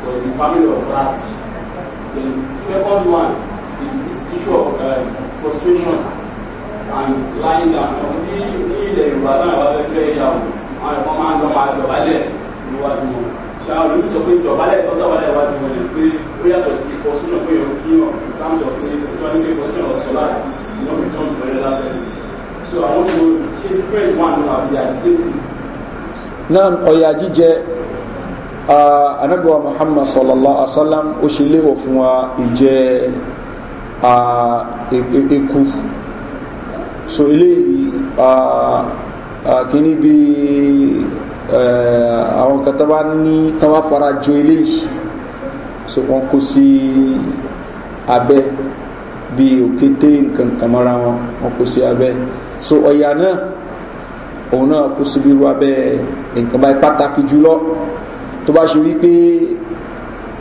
for the family of rats. The second one is this issue of uh, eh, prostration and lying down. Ọ̀hún tí ní ilẹ̀ Yorùbá náà wà fẹ́ fẹ́ ìyàwó àwọn ẹ̀fọ́ máa ń lọ máa dọ̀bálẹ̀ níwájú wọn. Ṣé àwọn olùdíje sọ pé dọ̀bálẹ̀ tó dọ̀bálẹ̀ wájú wọn lè pé ó yàtọ̀ sí ìfọ̀sọ́nà pé òun kí ọ̀ táwọn of pé ìjọba ní pé ìfọ̀sọ́nà ọ̀sọ̀ láti ìnáwó ìjọba ìfọ̀sọ́nà láti ẹ̀sìn. So àwọn tó ṣe first one ló wà bí i àdìsẹ́sì náà ọ̀yà jíjẹ anabiwa muhammad sallallahu alaihi wa sallam ó ṣe léwọ̀ fún wa ìjẹ e-, eku so eléyìí kìíní bí àwọn kan tó bá ní tó bá fara jo eléyìí so wọn kó sí abẹ bí òkété nǹkan kan wọn wọn kó sí abẹ so ọ̀yà náà òun náà kó sí bí wọ́n nǹkan báyìí pàtàkì jùlọ tó bá ṣe wípé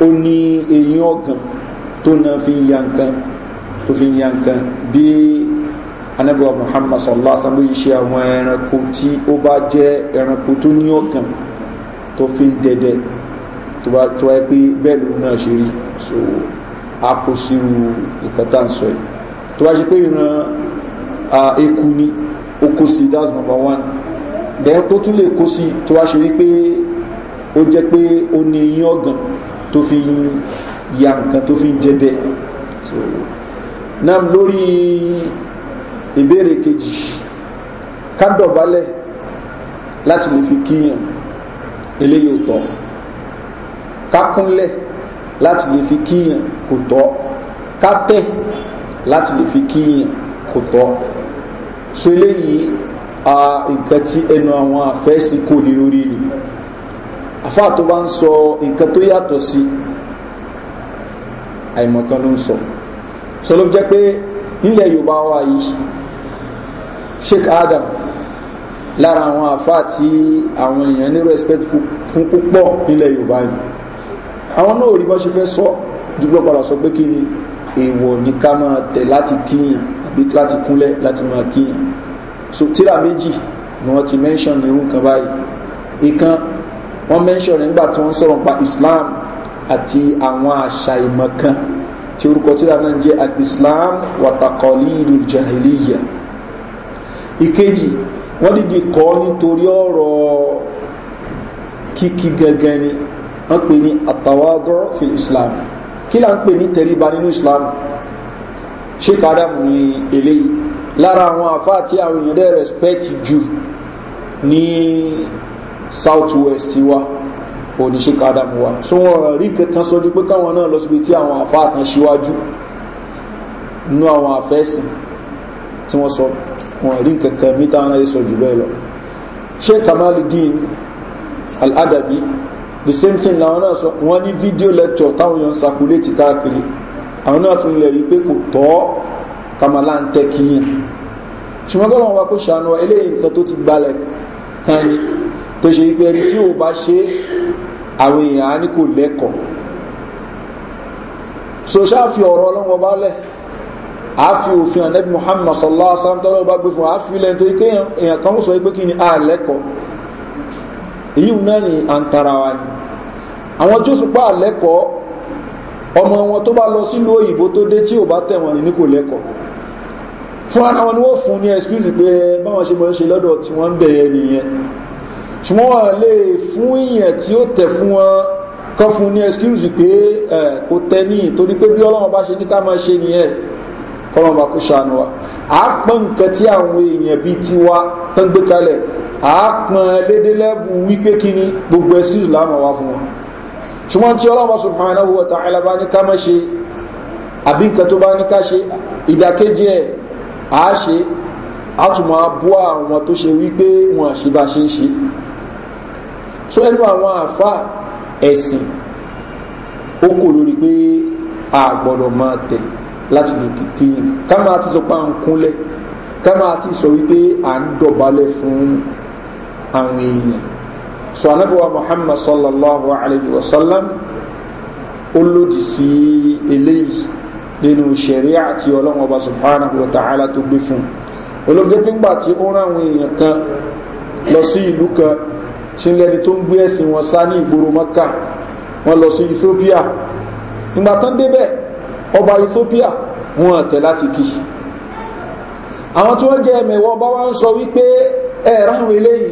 ó ní eyín ọ̀gàn tó na fi ń ya nǹkan tó fi ń ya nǹkan bí anabiwa muhammad sallallahu alaihi wa sallam ṣe àwọn ẹranko tí ó bá jẹ́ ẹranko tó ní ọ̀gàn tó fi ń dẹdẹ tó bá tó wáyé pé bẹ́ẹ̀ lòun náà ṣe rí so a kò sírú nǹkan tá à ń sọ yìí tó bá ṣe pé ìran eku ni ó kó sí that's number one dẹ̀rẹ́ tó tún lè kó sí tó wá ṣe wípé ó jẹ́ pé ó ní iyín ọ̀gàn tó fi ya nǹkan tó fi jẹ́dẹ́ so lórí ìbéèrè kejì ká láti lè fi kíyàn eléyìí ò tọ́ ká láti lè fi kíyàn kò tọ́ ká láti lè fi kíyàn kò tọ́ so eléyìí nǹkan tí ẹnu àwọn àfẹ́sí kò lè lórí ni àfa tó bá ń sọ nǹkan tó yàtọ̀ sí àìmọ̀kan ló ń sọ sọ ló jẹ́ pé nílẹ̀ yorùbá wa yìí sheikh adam lára àwọn àfa àti àwọn èèyàn ní respect fún púpọ̀ nílẹ̀ yorùbá yìí àwọn náà rí bá ṣe fẹ́ sọ dúpẹ́ padà sọ pé kí ni èèwọ̀ ní ká máa tẹ̀ láti kíyàn àbí láti kúnlẹ̀ láti máa kíyàn so tíra méjì ni wọ́n ti mention irú nǹkan báyìí ìkan wọ́n mention rẹ̀ nígbà tí wọ́n sọ̀rọ̀ pa islam àti àwọn àṣà ìmọ̀ kan tí orúkọ tíra náà ń jẹ́ al-islam watakọ̀lì ìlú jahiliya ìkejì wọ́n dìde kọ́ nítorí ọ̀rọ̀ kíkí gangan ni wọ́n pè ní àtàwádọ́ fil islam kí là ń pè ní tẹríba nínú islam sheikh adam ni eléyìí lára àwọn àfa àti àwọn èèyàn dẹ́ respect jù ní south west wa oníṣẹ́ka adamu wa so wọn rí kankan sọ ní pé káwọn náà lọ síbi tí àwọn àfa kan ṣíwájú nínú àwọn àfẹ́sìn tí wọ́n sọ wọn rí kankan mítà náà lè sọ jù bẹ́ẹ̀ lọ ṣé kamaludin al'adabi the same thing làwọn náà sọ wọn ní fídíò lecture táwọn èèyàn circulate káàkiri àwọn náà fi ń lẹ̀ yí pé kò tọ́ kama ń tẹ́ kíyàn ṣùgbọ́n kọ́lọ́wọ́n wa kó ṣàánú eléyìí nǹkan tó ti gbalẹ̀ kan ni tó ṣe pé ẹni tí ò bá ṣe àwọn èèyàn á ní kò lẹ́kọ̀ọ́ so ṣáàfi ọ̀rọ̀ ọlọ́wọ́n bá lẹ̀ àáfi muhammad sallallahu alaihi wasallam tọ́lọ́wọ́ bá gbé fún àáfi ilẹ̀ nítorí pé èèyàn kan sọ pé kí ni a lẹ́kọ̀ọ́ èyí náà ni à wa ni àwọn tí sùpá àlẹ́kọ̀ọ́ ọmọ wọn tó bá lọ sílùú òyìnbó tó dé tí ò bá tẹ̀wọ̀n ní kò lẹ́kọ̀ọ́ fún ara wọn ni fún ní excuse pé báwọn ṣe mọ̀ ń ṣe lọ́dọ̀ tí wọ́n ń bẹ̀yẹ nìyẹn ṣùgbọ́n wọ́n lè fún ìyẹn tí ó tẹ̀ fún wọn kọ́ fún ní excuse pé kò tẹ́ ní torí pé bí ọlọ́run bá ṣe ní ká máa ṣe nìyẹn kọ́lọ́n bá kó ṣàánú wa a pọ́n nǹkan tí àwọn èèyàn bíi tiwa tán gbé kalẹ̀ a pọ́n lédè wípé kí ni gbogbo excuse láwọn wá fún wọn ṣùgbọ́n tí ọlọ́run bá subhanahu wa ta'ala bá ní ká máa ṣe àbí nǹkan tó bá ní ká ṣe ìdàkejì ẹ̀ a ṣe a tún máa bú àwọn tó ṣe wípé wọn àṣebá ṣe ń ṣe so ẹnu àwọn àfa ẹ̀sìn ó kò lórí pé a gbọ́dọ̀ máa tẹ̀ láti lè kíkìyàn ká máa ti sọ pé à ń kúnlẹ̀ ká máa ti sọ wípé à ń dọ̀bálẹ̀ fún àwọn èèyàn so anabiwa muhammad sallallahu alayhi wa sallam ó lòdì sí eléyìí nínú sẹ̀ríà àti ọlọ́run ọba subhanahu wa ta'ala tó gbé fún un olóòjẹ́ pé ńgbà tí ó rán àwọn èèyàn kan lọ sí ìlú kan tí lẹni tó ń gbé ẹ̀sìn wọn sá ní ìgboro mọ́kà wọn lọ sí ethiopia ìgbà tán débẹ̀ ọba ethiopia wọn àtẹ láti kì àwọn tí wọ́n jẹ́ ẹ̀mẹ̀wọ́ ọba wa ń sọ wípé ẹ̀ ráhùn eléyìí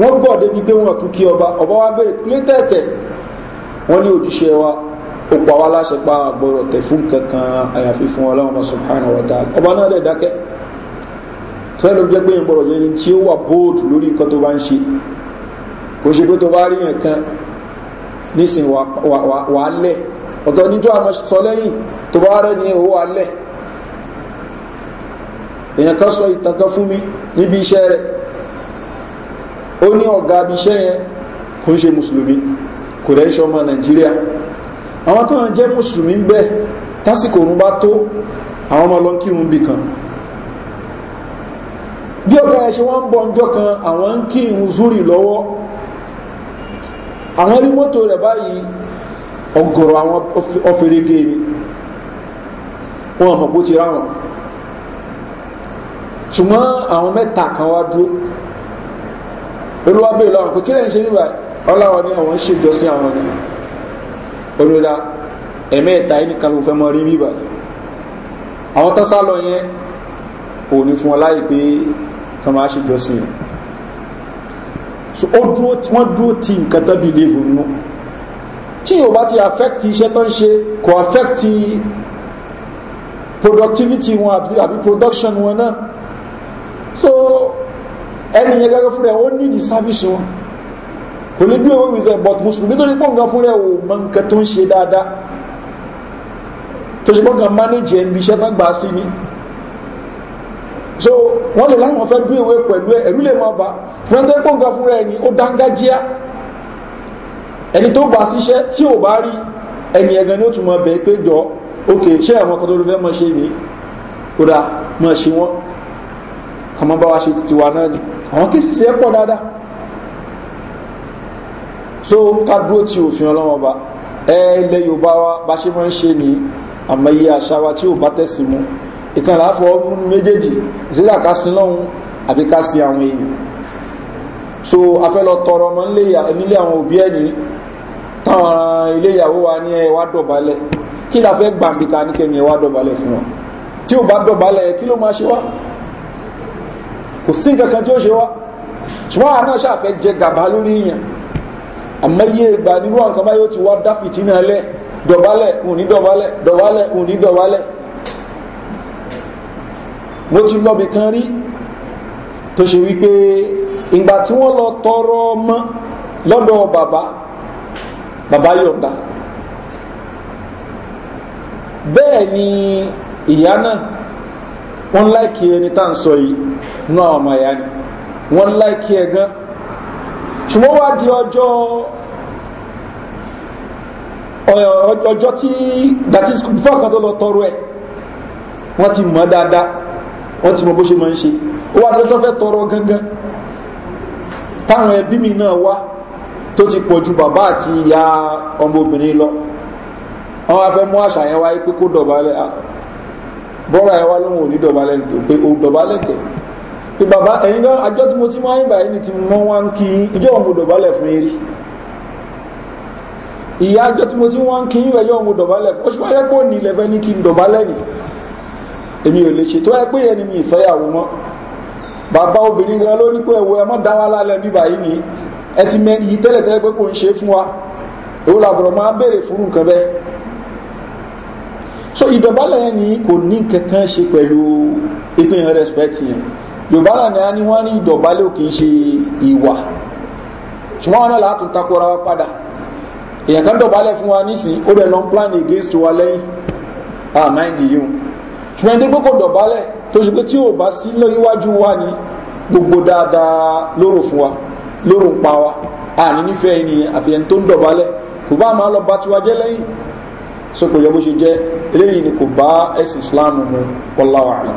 wọ́n gbọ́ débi pé wọn tún kí ọba ọba wa bèrè plétẹ̀ẹ̀tẹ̀ wọ́n ní òjíṣẹ́ wa ó pa wá láṣẹ pa àgbọ̀rọ̀ tẹ̀ fún kankan àyàfi fún ọlọ́run ọba subhanahu wa ta'ala ọba náà dẹ̀ dákẹ́ sọ́yìn ló jẹ́ pé yẹn gbọ́dọ̀ jẹ́ni tí ó wà bold lórí nǹkan tó bá ń ṣe kò ṣe pé tó bá rí yẹn kan nísìn wà á lẹ̀ ọ̀tọ̀ níjọ́ àmọ́ sọ lẹ́yìn tó bá rẹ̀ ní owó alẹ́ èèyàn kan sọ ìtàn kan fún mi níbi iṣẹ́ rẹ̀ ó ní ọ̀gá ibi iṣẹ́ yẹn kò ń ṣe mùsùlùmí kò rẹ̀ ń ṣe ọmọ nàìjíríà àwọn tó ń jẹ́ mùsùlùmí ń bẹ́ tásìkò òun bá tó àwọn ọmọ lọ ń kírun bì kan bí ọ̀gá ẹ̀ ṣe wọ́n ń bọ̀ ọjọ́ kan àwọn ń kí ìhun zúrì lọ́wọ́ àwọn rí mọ́tò rẹ̀ báyìí ọgọ̀rọ̀ àwọn ọfẹ̀rẹ̀gẹ̀ ni wọ́n mọ̀ bó ti ráwọn ṣùgbọ́n àwọn mẹ́ta kan wá dúró olúwa bèèrè lọ́wọ́ pé kí lẹ́yìn ṣe nígbà ọláwọ̀ ni àwọn ń ṣèjọsìn àwọn ni olóra ẹ̀mẹ́ẹ̀ta yìí nìkan ló fẹ́ mọ rí bíbà àwọn tán sá lọ yẹn fún ọ láì pé kàn máa ṣe jọsìn so ó dúró wọ́n dúró ti nǹkan tán bíi léèfù nínú tí yóò bá ti affect iṣẹ́ tó ń ṣe kò affect productivity wọn àbí production wọn náà so ẹni yẹn gẹ́gẹ́ fúnra ẹ̀ ó ní di service wọn kò lè dúró wíwí rẹ̀ but mùsùlùmí tó ní pọ̀ nǹkan fún rẹ̀ ò mọ nǹkan tó ń ṣe dáadáa tó ṣe pọ̀ nǹkan manage ẹ̀ ń bí iṣẹ́ tán gbà sí ni so wọ́n lè láwọn fẹ́ dúró ìwé pẹ̀lú ẹ̀ ẹ̀rú lè máa bá wọ́n tó ní pọ̀ nǹkan fún rẹ̀ ni ó dángájíá ẹni tó gbà síṣẹ́ tí ò bá rí ẹni ẹ̀gan ni ó tún mọ bẹ̀ pé jọ ok ṣé àwọn kan tó ló fẹ́ mọ ṣe ni ó dáa ṣe wọ́n àmọ́ bá ṣe titiwa náà ni àwọn kéṣìṣẹ́ pọ̀ dáadáa so ká dúró ti òfin ọlọ́wọ́n ọba ẹ ilẹ̀ yorùbá wa bá ṣe máa ń ṣe ní àmọye àṣà wa tí ò bá tẹ̀sí mu ìkànnì àfọ múnú méjèèjì ìṣẹ́lẹ̀ àkásí lọ́hùn àbí ká sí àwọn èèyàn so afẹ́ lọ tọrọ ọmọ nílé àwọn òbí ẹ̀ ní táwọn ilé ìyàwó wa ní ẹ wá dọ̀bálẹ̀ kí la fẹ́ gbàǹbìkà níkẹ́ni ẹ wá dọ̀bálẹ̀ fún wa tí ò bá dọ̀bálẹ̀ kí ló máa ṣe wá kò sí nǹkan kan tí ó ṣe wá ṣùgbọ́n àná ṣàfẹ́ jẹ gàba lórí yàn àmọ́yé ìgbà nínú àǹkan báyìí ó ti wá dá fìtínà lẹ̀ dọ̀bálẹ̀ òun ní dọ̀bálẹ̀ dọ̀bálẹ̀ òun ní dọ̀bálẹ̀ mo ti lọ́bì kan rí tó ṣe wípé ìgbà tí wọ́n lọ tọrọ ọmọ lọ́dọ̀ bàbá bàbá yọ̀ǹda bẹ́ẹ̀ ni ìyá náà wọ́n láìkí ẹni tá à ń sọ yìí náà ọmọ ìyá ni wọ́n láìkí ẹ̀ gan ṣùgbọ́n wá di ọjọ́ ọjọ́ tí that is before kan tó lọ tọrọ ẹ̀ wọ́n ti mọ̀ dáadáa wọ́n ti mọ̀ bó ṣe máa ń ṣe ó wá lọ́jọ́ fẹ́ tọrọ gangan táwọn ẹbí mi náà wá tó ti pọ̀ ju bàbá àti ìyá ọmọbìnrin lọ àwọn afẹ́ mú àṣà yẹn wáyé pé kó dọ̀bálẹ̀ bọ́ra ẹ̀ wá lóhùn ò ní dọ̀bálẹ̀ pé ó dọ̀bálẹ̀ kẹ̀ẹ́ pé bàbá ẹ̀yin gan àjọ tí mo ti máa ń gbà yìí ni tí mo wá ń kí ijó ọ̀hún mo dọ̀bálẹ̀ fún eré ìyá àjọ tí mo ti wá ń kí yín ẹjọ́ ọ̀hún mo dọ̀bálẹ̀ fún oṣù wáyé pé òní ilẹ̀ fẹ́ ní kí n dọ̀bálẹ̀ nì èmi ò lè ṣe ẹ pé yẹn mi ìfẹ́yàwó mọ́ bàbá obìnrin gan ló ní pé ẹ̀wọ̀ ẹ mọ́ dá wa lálẹ́ bíbá yìí ni ẹ ti mẹ́rin yìí tẹ́lẹ̀tẹ́lẹ̀ pé kò ń ṣe fún wa èwo làbọ̀rọ̀ máa béèrè fún nǹkan bẹ́ẹ̀ so ìdọ̀bálẹ̀ yẹn ni kò ní kankan ṣe pẹ̀lú ìpín respect yẹn yorùbá náà ni a ní wọ́n ní ìdọ̀bálẹ̀ ò kì í ṣe ìwà ṣùgbọ́n wọn náà látún takora wa padà èèyàn kan dọ̀bálẹ̀ fún wa nísìn ó dẹ̀ lọ plan against wa lẹ́yìn ah mind you ṣùgbọ́n ẹni tó gbé kò dọ̀bálẹ̀ tó ṣe pé tí ò bá sí lọ́yíwájú wa ni gbogbo dáadáa lóró fún wa lóró ń pa wa àní nífẹ̀ẹ́ ni àfihàn tó ń dọ̀bálẹ̀ kò bá máa lọ bá tiwa jẹ́ lẹ́yìn so kò yẹ bó ṣe jẹ́ eléyìí ni kò bá ẹ̀sìn islam mu wọ́n láwàá àlọ́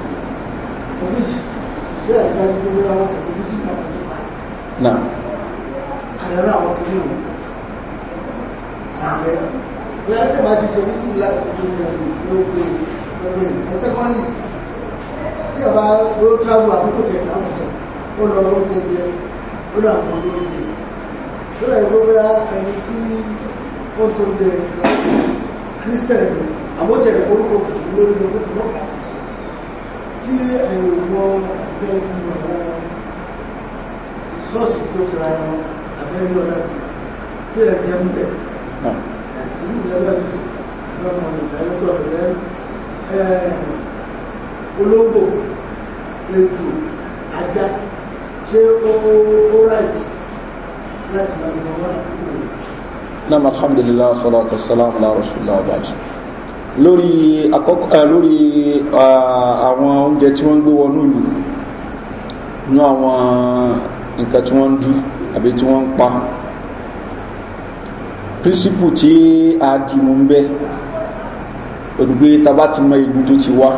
náà àdàrà àwọn kìlì wọn àgbẹ̀ bí a ṣe máa ti ṣe bísí láti tó ní ẹ̀sìn ló gbé travel àkókò tẹ̀ náà sọ ó lọ ó lè jẹ ó lọ àwọn olóyè ó lọ ìwé bóyá ẹni tí ó tó dẹ kírísítẹ̀nì àwọn orúkọ kùsùn lórí ẹgbẹ́ tó lọ́pàá tí ẹ̀rọ wọ ẹgbẹ́ fún àwọn ṣọ́ọ̀ṣì tó ṣe ara wọn àbẹ́rẹ́ ọ̀dà tó tí ẹ̀ jẹ́ ń bẹ̀. ìlú eh, ìjọba ti sè lọ́nà ìdájọ́ tó ọ̀rẹ́ olóńgbò ejò ajá ṣé ó ráìtì láti máa ń wọn àkókò. Nam alhamdulillah salatu wassalam ala rasulillah wa baji lórí eh, lórí ah, àwọn oúnjẹ tí wọ́n ń gbé wọnú ìlú ní àwọn nǹkan tí wọ́n ń dú àbí tí wọ́n ń pa pírísìpù tí a dì mú ń bẹ́ olùgbé tàbá ti mọ ìlú tó ti wá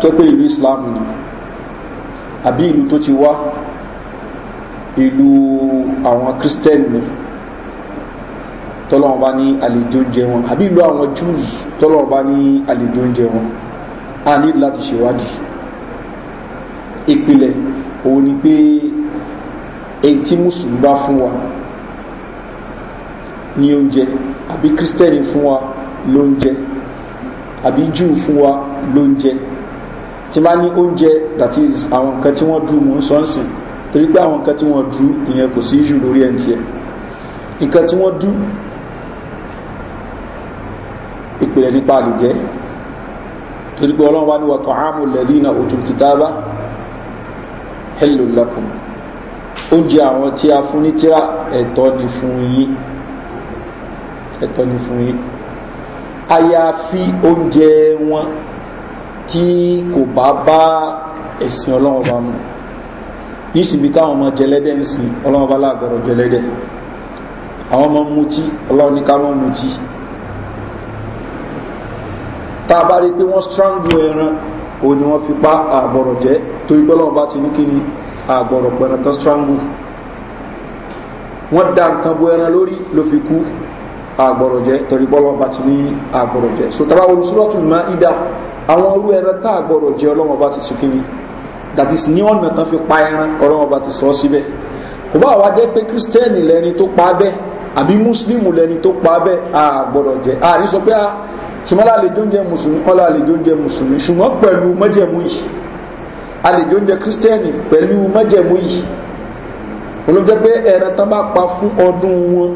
tó pé ìlú islam ni àbí ìlú tó ti wá ìlú àwọn christian ni tọ́lọ́wọ́n bá ní àlejò oúnjẹ wọn àbí ìlú àwọn jews tọ́lọ́wọ́n bá ní àlejò oúnjẹ wọn a ní láti ṣèwádìí ìpìlẹ̀ òun ni pé èyí tí mùsùlùmí bá fún wa ní oúnjẹ àbí kírísítẹ́nì fún wa lóúnjẹ àbí júù fún wa lóúnjẹ tí bá ní oúnjẹ that is àwọn nǹkan tí wọ́n dùn mọ́ sọ́nsìn torí pé àwọn nǹkan tí wọ́n dùn ìyẹn kò sí jù lórí ẹ̀ nǹkan tí wọ́n dùn ìpìlẹ̀ nípa àlìjẹ́ torí pé ọlọ́run wá ní wàtò àmú lẹ́dínà òtún kìtàbá hẹ́lòlákùn oúnjẹ àwọn tí a fún ní tíra ẹ̀tọ́ ni fún yín ẹ̀tọ́ ni fún yín àyàfi oúnjẹ wọn tí kò bá bá ẹ̀sìn ọlọ́run bá mu nísìbí káwọn ọmọ jẹlẹ́dẹ̀ ń sìn ọlọ́run bá láàgbọ̀rọ̀ jẹlẹ́dẹ̀ àwọn ọmọ mutí ọlọ́run ní ká mọ́ mutí tá a bá rí i pé wọ́n strangle ẹran òun ni wọ́n fi pa àgbọ̀rọ̀ jẹ́ torí pé ọlọ́run bá ti ní kíni àgbọ̀rọ̀ pẹ̀rẹ̀ tán strangle wọ́n da nǹkan bo ẹran lórí ló fi kú àgbọ̀rọ̀ jẹ́ torí pé ọlọ́run bá ti ní àgbọ̀rọ̀ jẹ́ so tábà wọn sùrọ̀tù máa ń dá àwọn orú ẹran tá àgbọ̀rọ̀ jẹ́ ọlọ́run bá ti sùn kíni that is ní ọ̀nà tán fi pa ẹran ọlọ́run bá ti sọ síbẹ̀ kò bá wàá jẹ́ pé kírísítẹ́nì lẹni tó pa bẹ́ẹ̀ àbí mùsùlùmù lẹni tó pa bẹ́ẹ̀ àgbọ̀rọ̀ jẹ́ àrí pé a. Ah, ṣùgbọ́n àlejò ń jẹ mùsùlùmí ọlá àlejò ń jẹ mùsùlùmí ṣùgbọ́n pẹ̀lú mọ́jẹ̀mú yìí àlejò ń jẹ kírísítẹ́nì pẹ̀lú mọ́jẹ̀mú yìí olóńjẹ́ pé ẹran tán bá pa fún ọdún wọn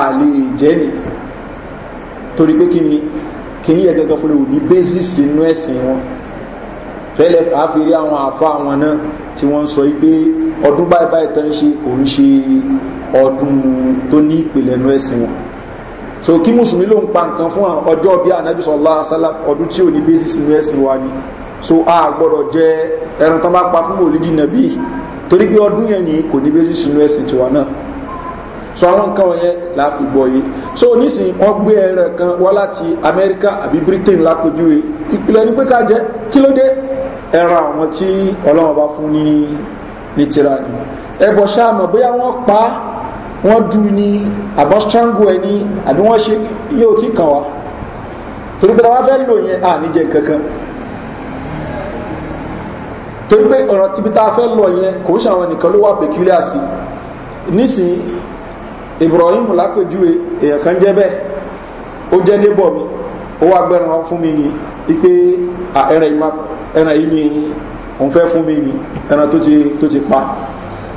àlè jẹ́ ni torí pé kí ni kí ni yẹn gẹ́gẹ́ fúnra òní bẹ́sìsì inú ẹ̀sìn wọn tẹ́lẹ̀ àfẹ́rí àwọn àfa àwọn náà tí wọ́n sọ pé ọdún báyìí báyìí tán ń ṣe òun ṣe ọdún tó ní ìpìlẹ̀ inú ẹ̀sìn wọn so kí mùsùlùmí ló ń pa nǹkan fún ọjọ́ bí anabi sọlá sálá ọdún tí ò ní bẹ́sì sínú ẹ̀sìn wa ni so a gbọ́dọ̀ jẹ ẹran tán bá pa fún mòlídì nàbí torí pé ọdún yẹn ni kò ní bẹ́sì sínú ẹ̀sìn tiwa náà so àwọn nǹkan wọ̀nyẹn la fi gbọ́ yé so nísìnyí wọ́n gbé ẹran kan wá láti amẹ́ríkà àbí britain lápèjúwe ìpìlẹ̀ ni pé ká jẹ kí ló dé ẹran àwọn tí ọlọ́run bá fún ní ní tìrani ẹ̀bọ̀ sáà mọ̀ bóyá wọ́n pa á wọ́n du ni àbọ̀ strangle ẹni àbí wọ́n ṣe yóò tí kàn wá torí pé táwa fẹ́ lò yẹn à ní jẹ kankan torí pé ọ̀rọ̀ ibi tá fẹ́ lọ yẹn kò ń ṣàwọn nìkan ló wà peculiar sí nísìnyí ibrahim lápèjúwe èèyàn kan jẹ́ bẹ́ẹ̀ ó jẹ́ nébọ̀ mi ó wá gbẹ́ran wọn fún mi ni ipe ẹran yìí ni òun fẹ́ fún mi ni ẹran tó ti pa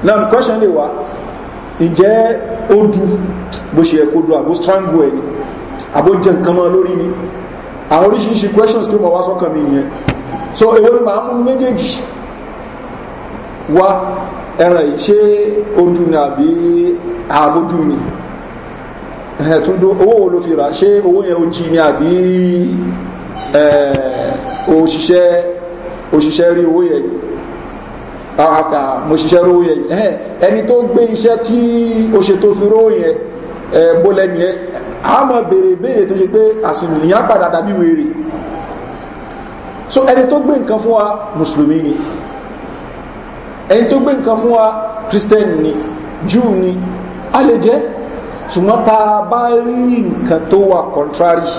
náà question lè wá ǹjẹ́ ó du bó ṣe yẹ kó du àbó strangle ẹ̀ ni àbó jẹ nǹkan mọ́ lórí ni àwọn oríṣiríṣi questions tó mọ̀ wá sọ́kàn mi nìyẹn so èwo ni màá múnú méjèèjì wá ẹran yìí ṣé ó du ni àbí àbó du ni ẹ̀túndó owó wo ló fi rà ṣé owó yẹn ó jí ni àbí òṣìṣẹ́ òṣìṣẹ́ rí owó yẹn ni àkà mo ṣiṣẹ́ rówó yẹn ẹni tó gbé iṣẹ́ tí o ṣe tó fi rówó yẹn bó lẹ́nu a mọ̀ béèrè béèrè tó ṣe pé àsìnìyàn padà dàbí wèrè so ẹni tó gbé nǹkan fún wa mùsùlùmí ni ẹni tó gbé nǹkan fún wa kristẹni ni júù ni a lè jẹ́ ṣùgbọ́n tá a bá rí nǹkan tó wà contrary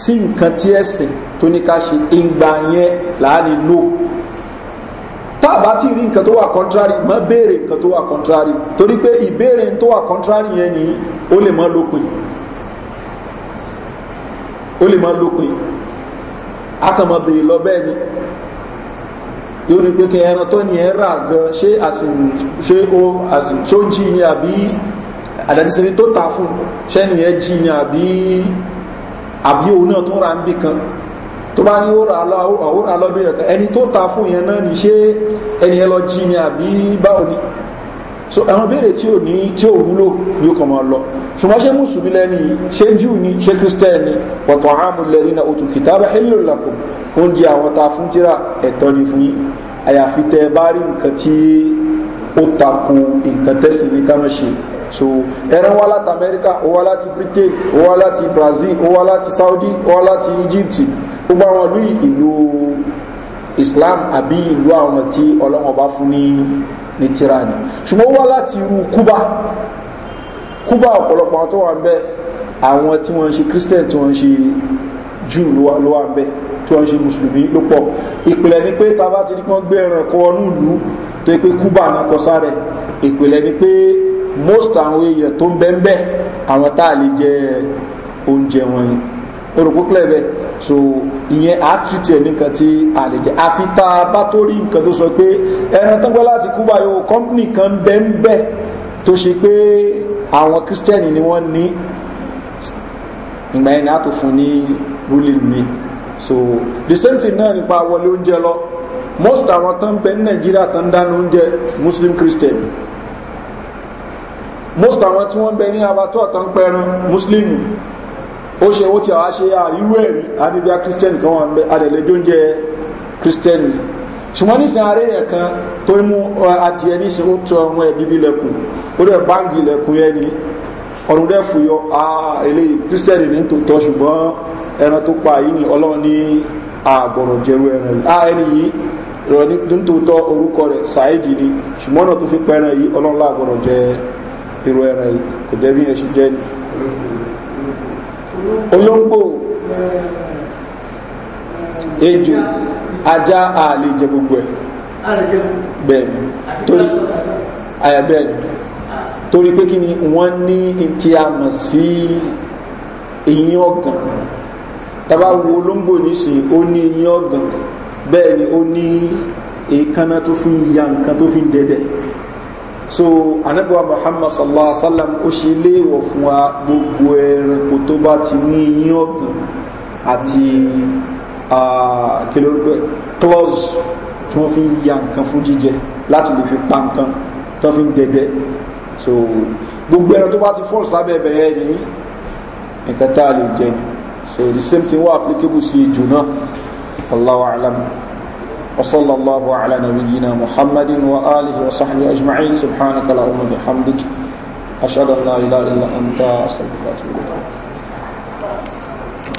sí nǹkan tí ẹ̀sìn tó ní ká ṣe ìgbà yẹn láàrin no tá a bá ti rí nǹkan tó wà contrary má béèrè nǹkan tó wà contrary torí pé ìbéèrè tó wà contrary yẹn ni ó lè má lópin ó lè má lópin a kàn má béèrè lọ bẹ́ẹ̀ ni yóò ní pé kí ẹran tó ní ẹ rà gan ṣé àsìn ṣé ó àsìn tó jí ni àbí àdàdísẹ́ni tó ta fún ṣẹ́ni ẹ jí ni àbí àbí òun náà tó ra ń bì kan tó bá ní ó rà lọ́dún yẹn kan ẹni tó ta fún yẹn náà ní ṣé ẹni yẹn lọ jí ni àbí báwo ni so àwọn béèrè tí ò ní tí ò wúlò ní ó kàn lọ ṣùgbọ́n ṣé mùsùlùmí lẹ́ni ṣé júù ni ṣé kírísítẹ́ẹ̀ni ọ̀tọ̀ àmúlẹ̀rí na òtún kìtàbà ẹ̀lò làkùn oúnjẹ àwọn ta fún tíra ẹ̀tọ́ ni fún yín àyàfi tẹ bá rí nǹkan tí ó takò nǹkan tẹ́sí ní ká ṣe so ẹran wá láti amẹ́ríkà ó wá láti britain ó wá láti brazil ó wá láti saudi ó wá láti egypt gbogbo àwọn ìlú ìlú islam àbí ìlú àwọn tí ọlọ́wọ́n bá fún ní ní tíra ni ṣùgbọ́n wá láti irú kúbà kúbà ọ̀pọ̀lọpọ̀ àwọn tó wà ń bẹ́ àwọn tí wọ́n ń ṣe christian tí wọ́n ń ṣe jew ló wà ń bẹ́ tí wọ́n ń ṣe mùsùlùmí ló pọ̀ ìpìlẹ̀ ni pé ta ti ní pọ́n gbé ẹran kọ ọ́nú ìlú tó yẹ pé kúbà náà kọ sáré ìpìlẹ̀ ni pé most àwọn èèyàn tó ń bẹ́ ń bẹ́ àwọn tá a lè jẹ oúnjẹ wọn yìí orò púpọ̀ bẹ́ẹ̀ so ìyẹn á tìrìtì ẹ̀ nìkan tí a lè jẹ́ àfi tá a bá tó rí nǹkan tó sọ pé ẹran tó gbọ́ láti kú báyọ̀ kọ́mpìnì kan bẹ́ ń bẹ́ tó ṣe pé àwọn kírísítẹ́nì ni wọ́n ní ìgbà yẹn ni a tó fún ní ruling mi so the same thing náà nípa wọlé oúnjẹ lọ most àwọn tán bẹ ní nàìjíríà tán dáná oúnjẹ muslim christian most àwọn tí wọ́n bẹ ní abattoir tán pẹran muslim ó ṣe ó ti àwa ṣe àríwú ẹ̀rí àníbíà christian kan wà nbẹ adẹ̀lẹ́jọ́ ń jẹ christian ni ṣùgbọ́n nísìnyí ààrẹ yẹn kan tó mú adìẹ nísìnyí ó tọ ọmọ ẹ̀ bíbí lẹ́kùn ó dẹ̀ báńgì lẹ́kùn yẹn ni ọ̀run dẹ́ fúyọ́ eléyìí christian ní tòótọ́ ṣùgbọ́n ẹran tó pa yìí ni ọlọ́run ní àgbọ̀rọ̀ jẹrú ẹran yìí ẹni yìí rẹ̀ ní tòótọ́ orúkọ rẹ̀ ṣáìdì ni ṣùgbọ́n náà tó fi pẹ́ran yìí ọlọ́run láàgbọ̀rọ̀ jẹ irú ẹran yìí kò jẹ́ yẹn ṣe jẹ́ ni olóńgbò ejò ajá àlè jẹ gbogbo ẹ bẹ́ẹ̀ni torí àyà bẹ́ẹ̀ni torí pé kí ni wọ́n ní ti a mọ̀ sí eyín ọ̀gàn tàbá wo olóńgbò nísìn ó ní eyín ọ̀gàn bẹ́ẹ̀ ó ní èékánná tó fi ya nǹkan tó fi ń so anabiwa muhammad sallallahu alaihi wasallam sallam ó ṣe léèwọ̀ fún wa gbogbo ẹranko tó bá ti ní iyín ọ̀gbìn àti kìlógbẹ̀ clause tí wọ́n fi ń ya nǹkan fún jíjẹ láti lè fi pa nǹkan tó fi ń dẹ̀dẹ̀ so gbogbo ẹran tó bá ti fọ́ọ̀lù sábẹ́ ẹ̀bẹ̀ yẹn nǹkan tá a lè jẹ so the same thing wà applicable sí ejò náà allah wa `Alam. وصلى الله على نبينا محمد وآله وصحبه أجمعين سبحانك اللهم وبحمدك أشهد أن لا إله إلا أنت أستغفرك وأتوب إليك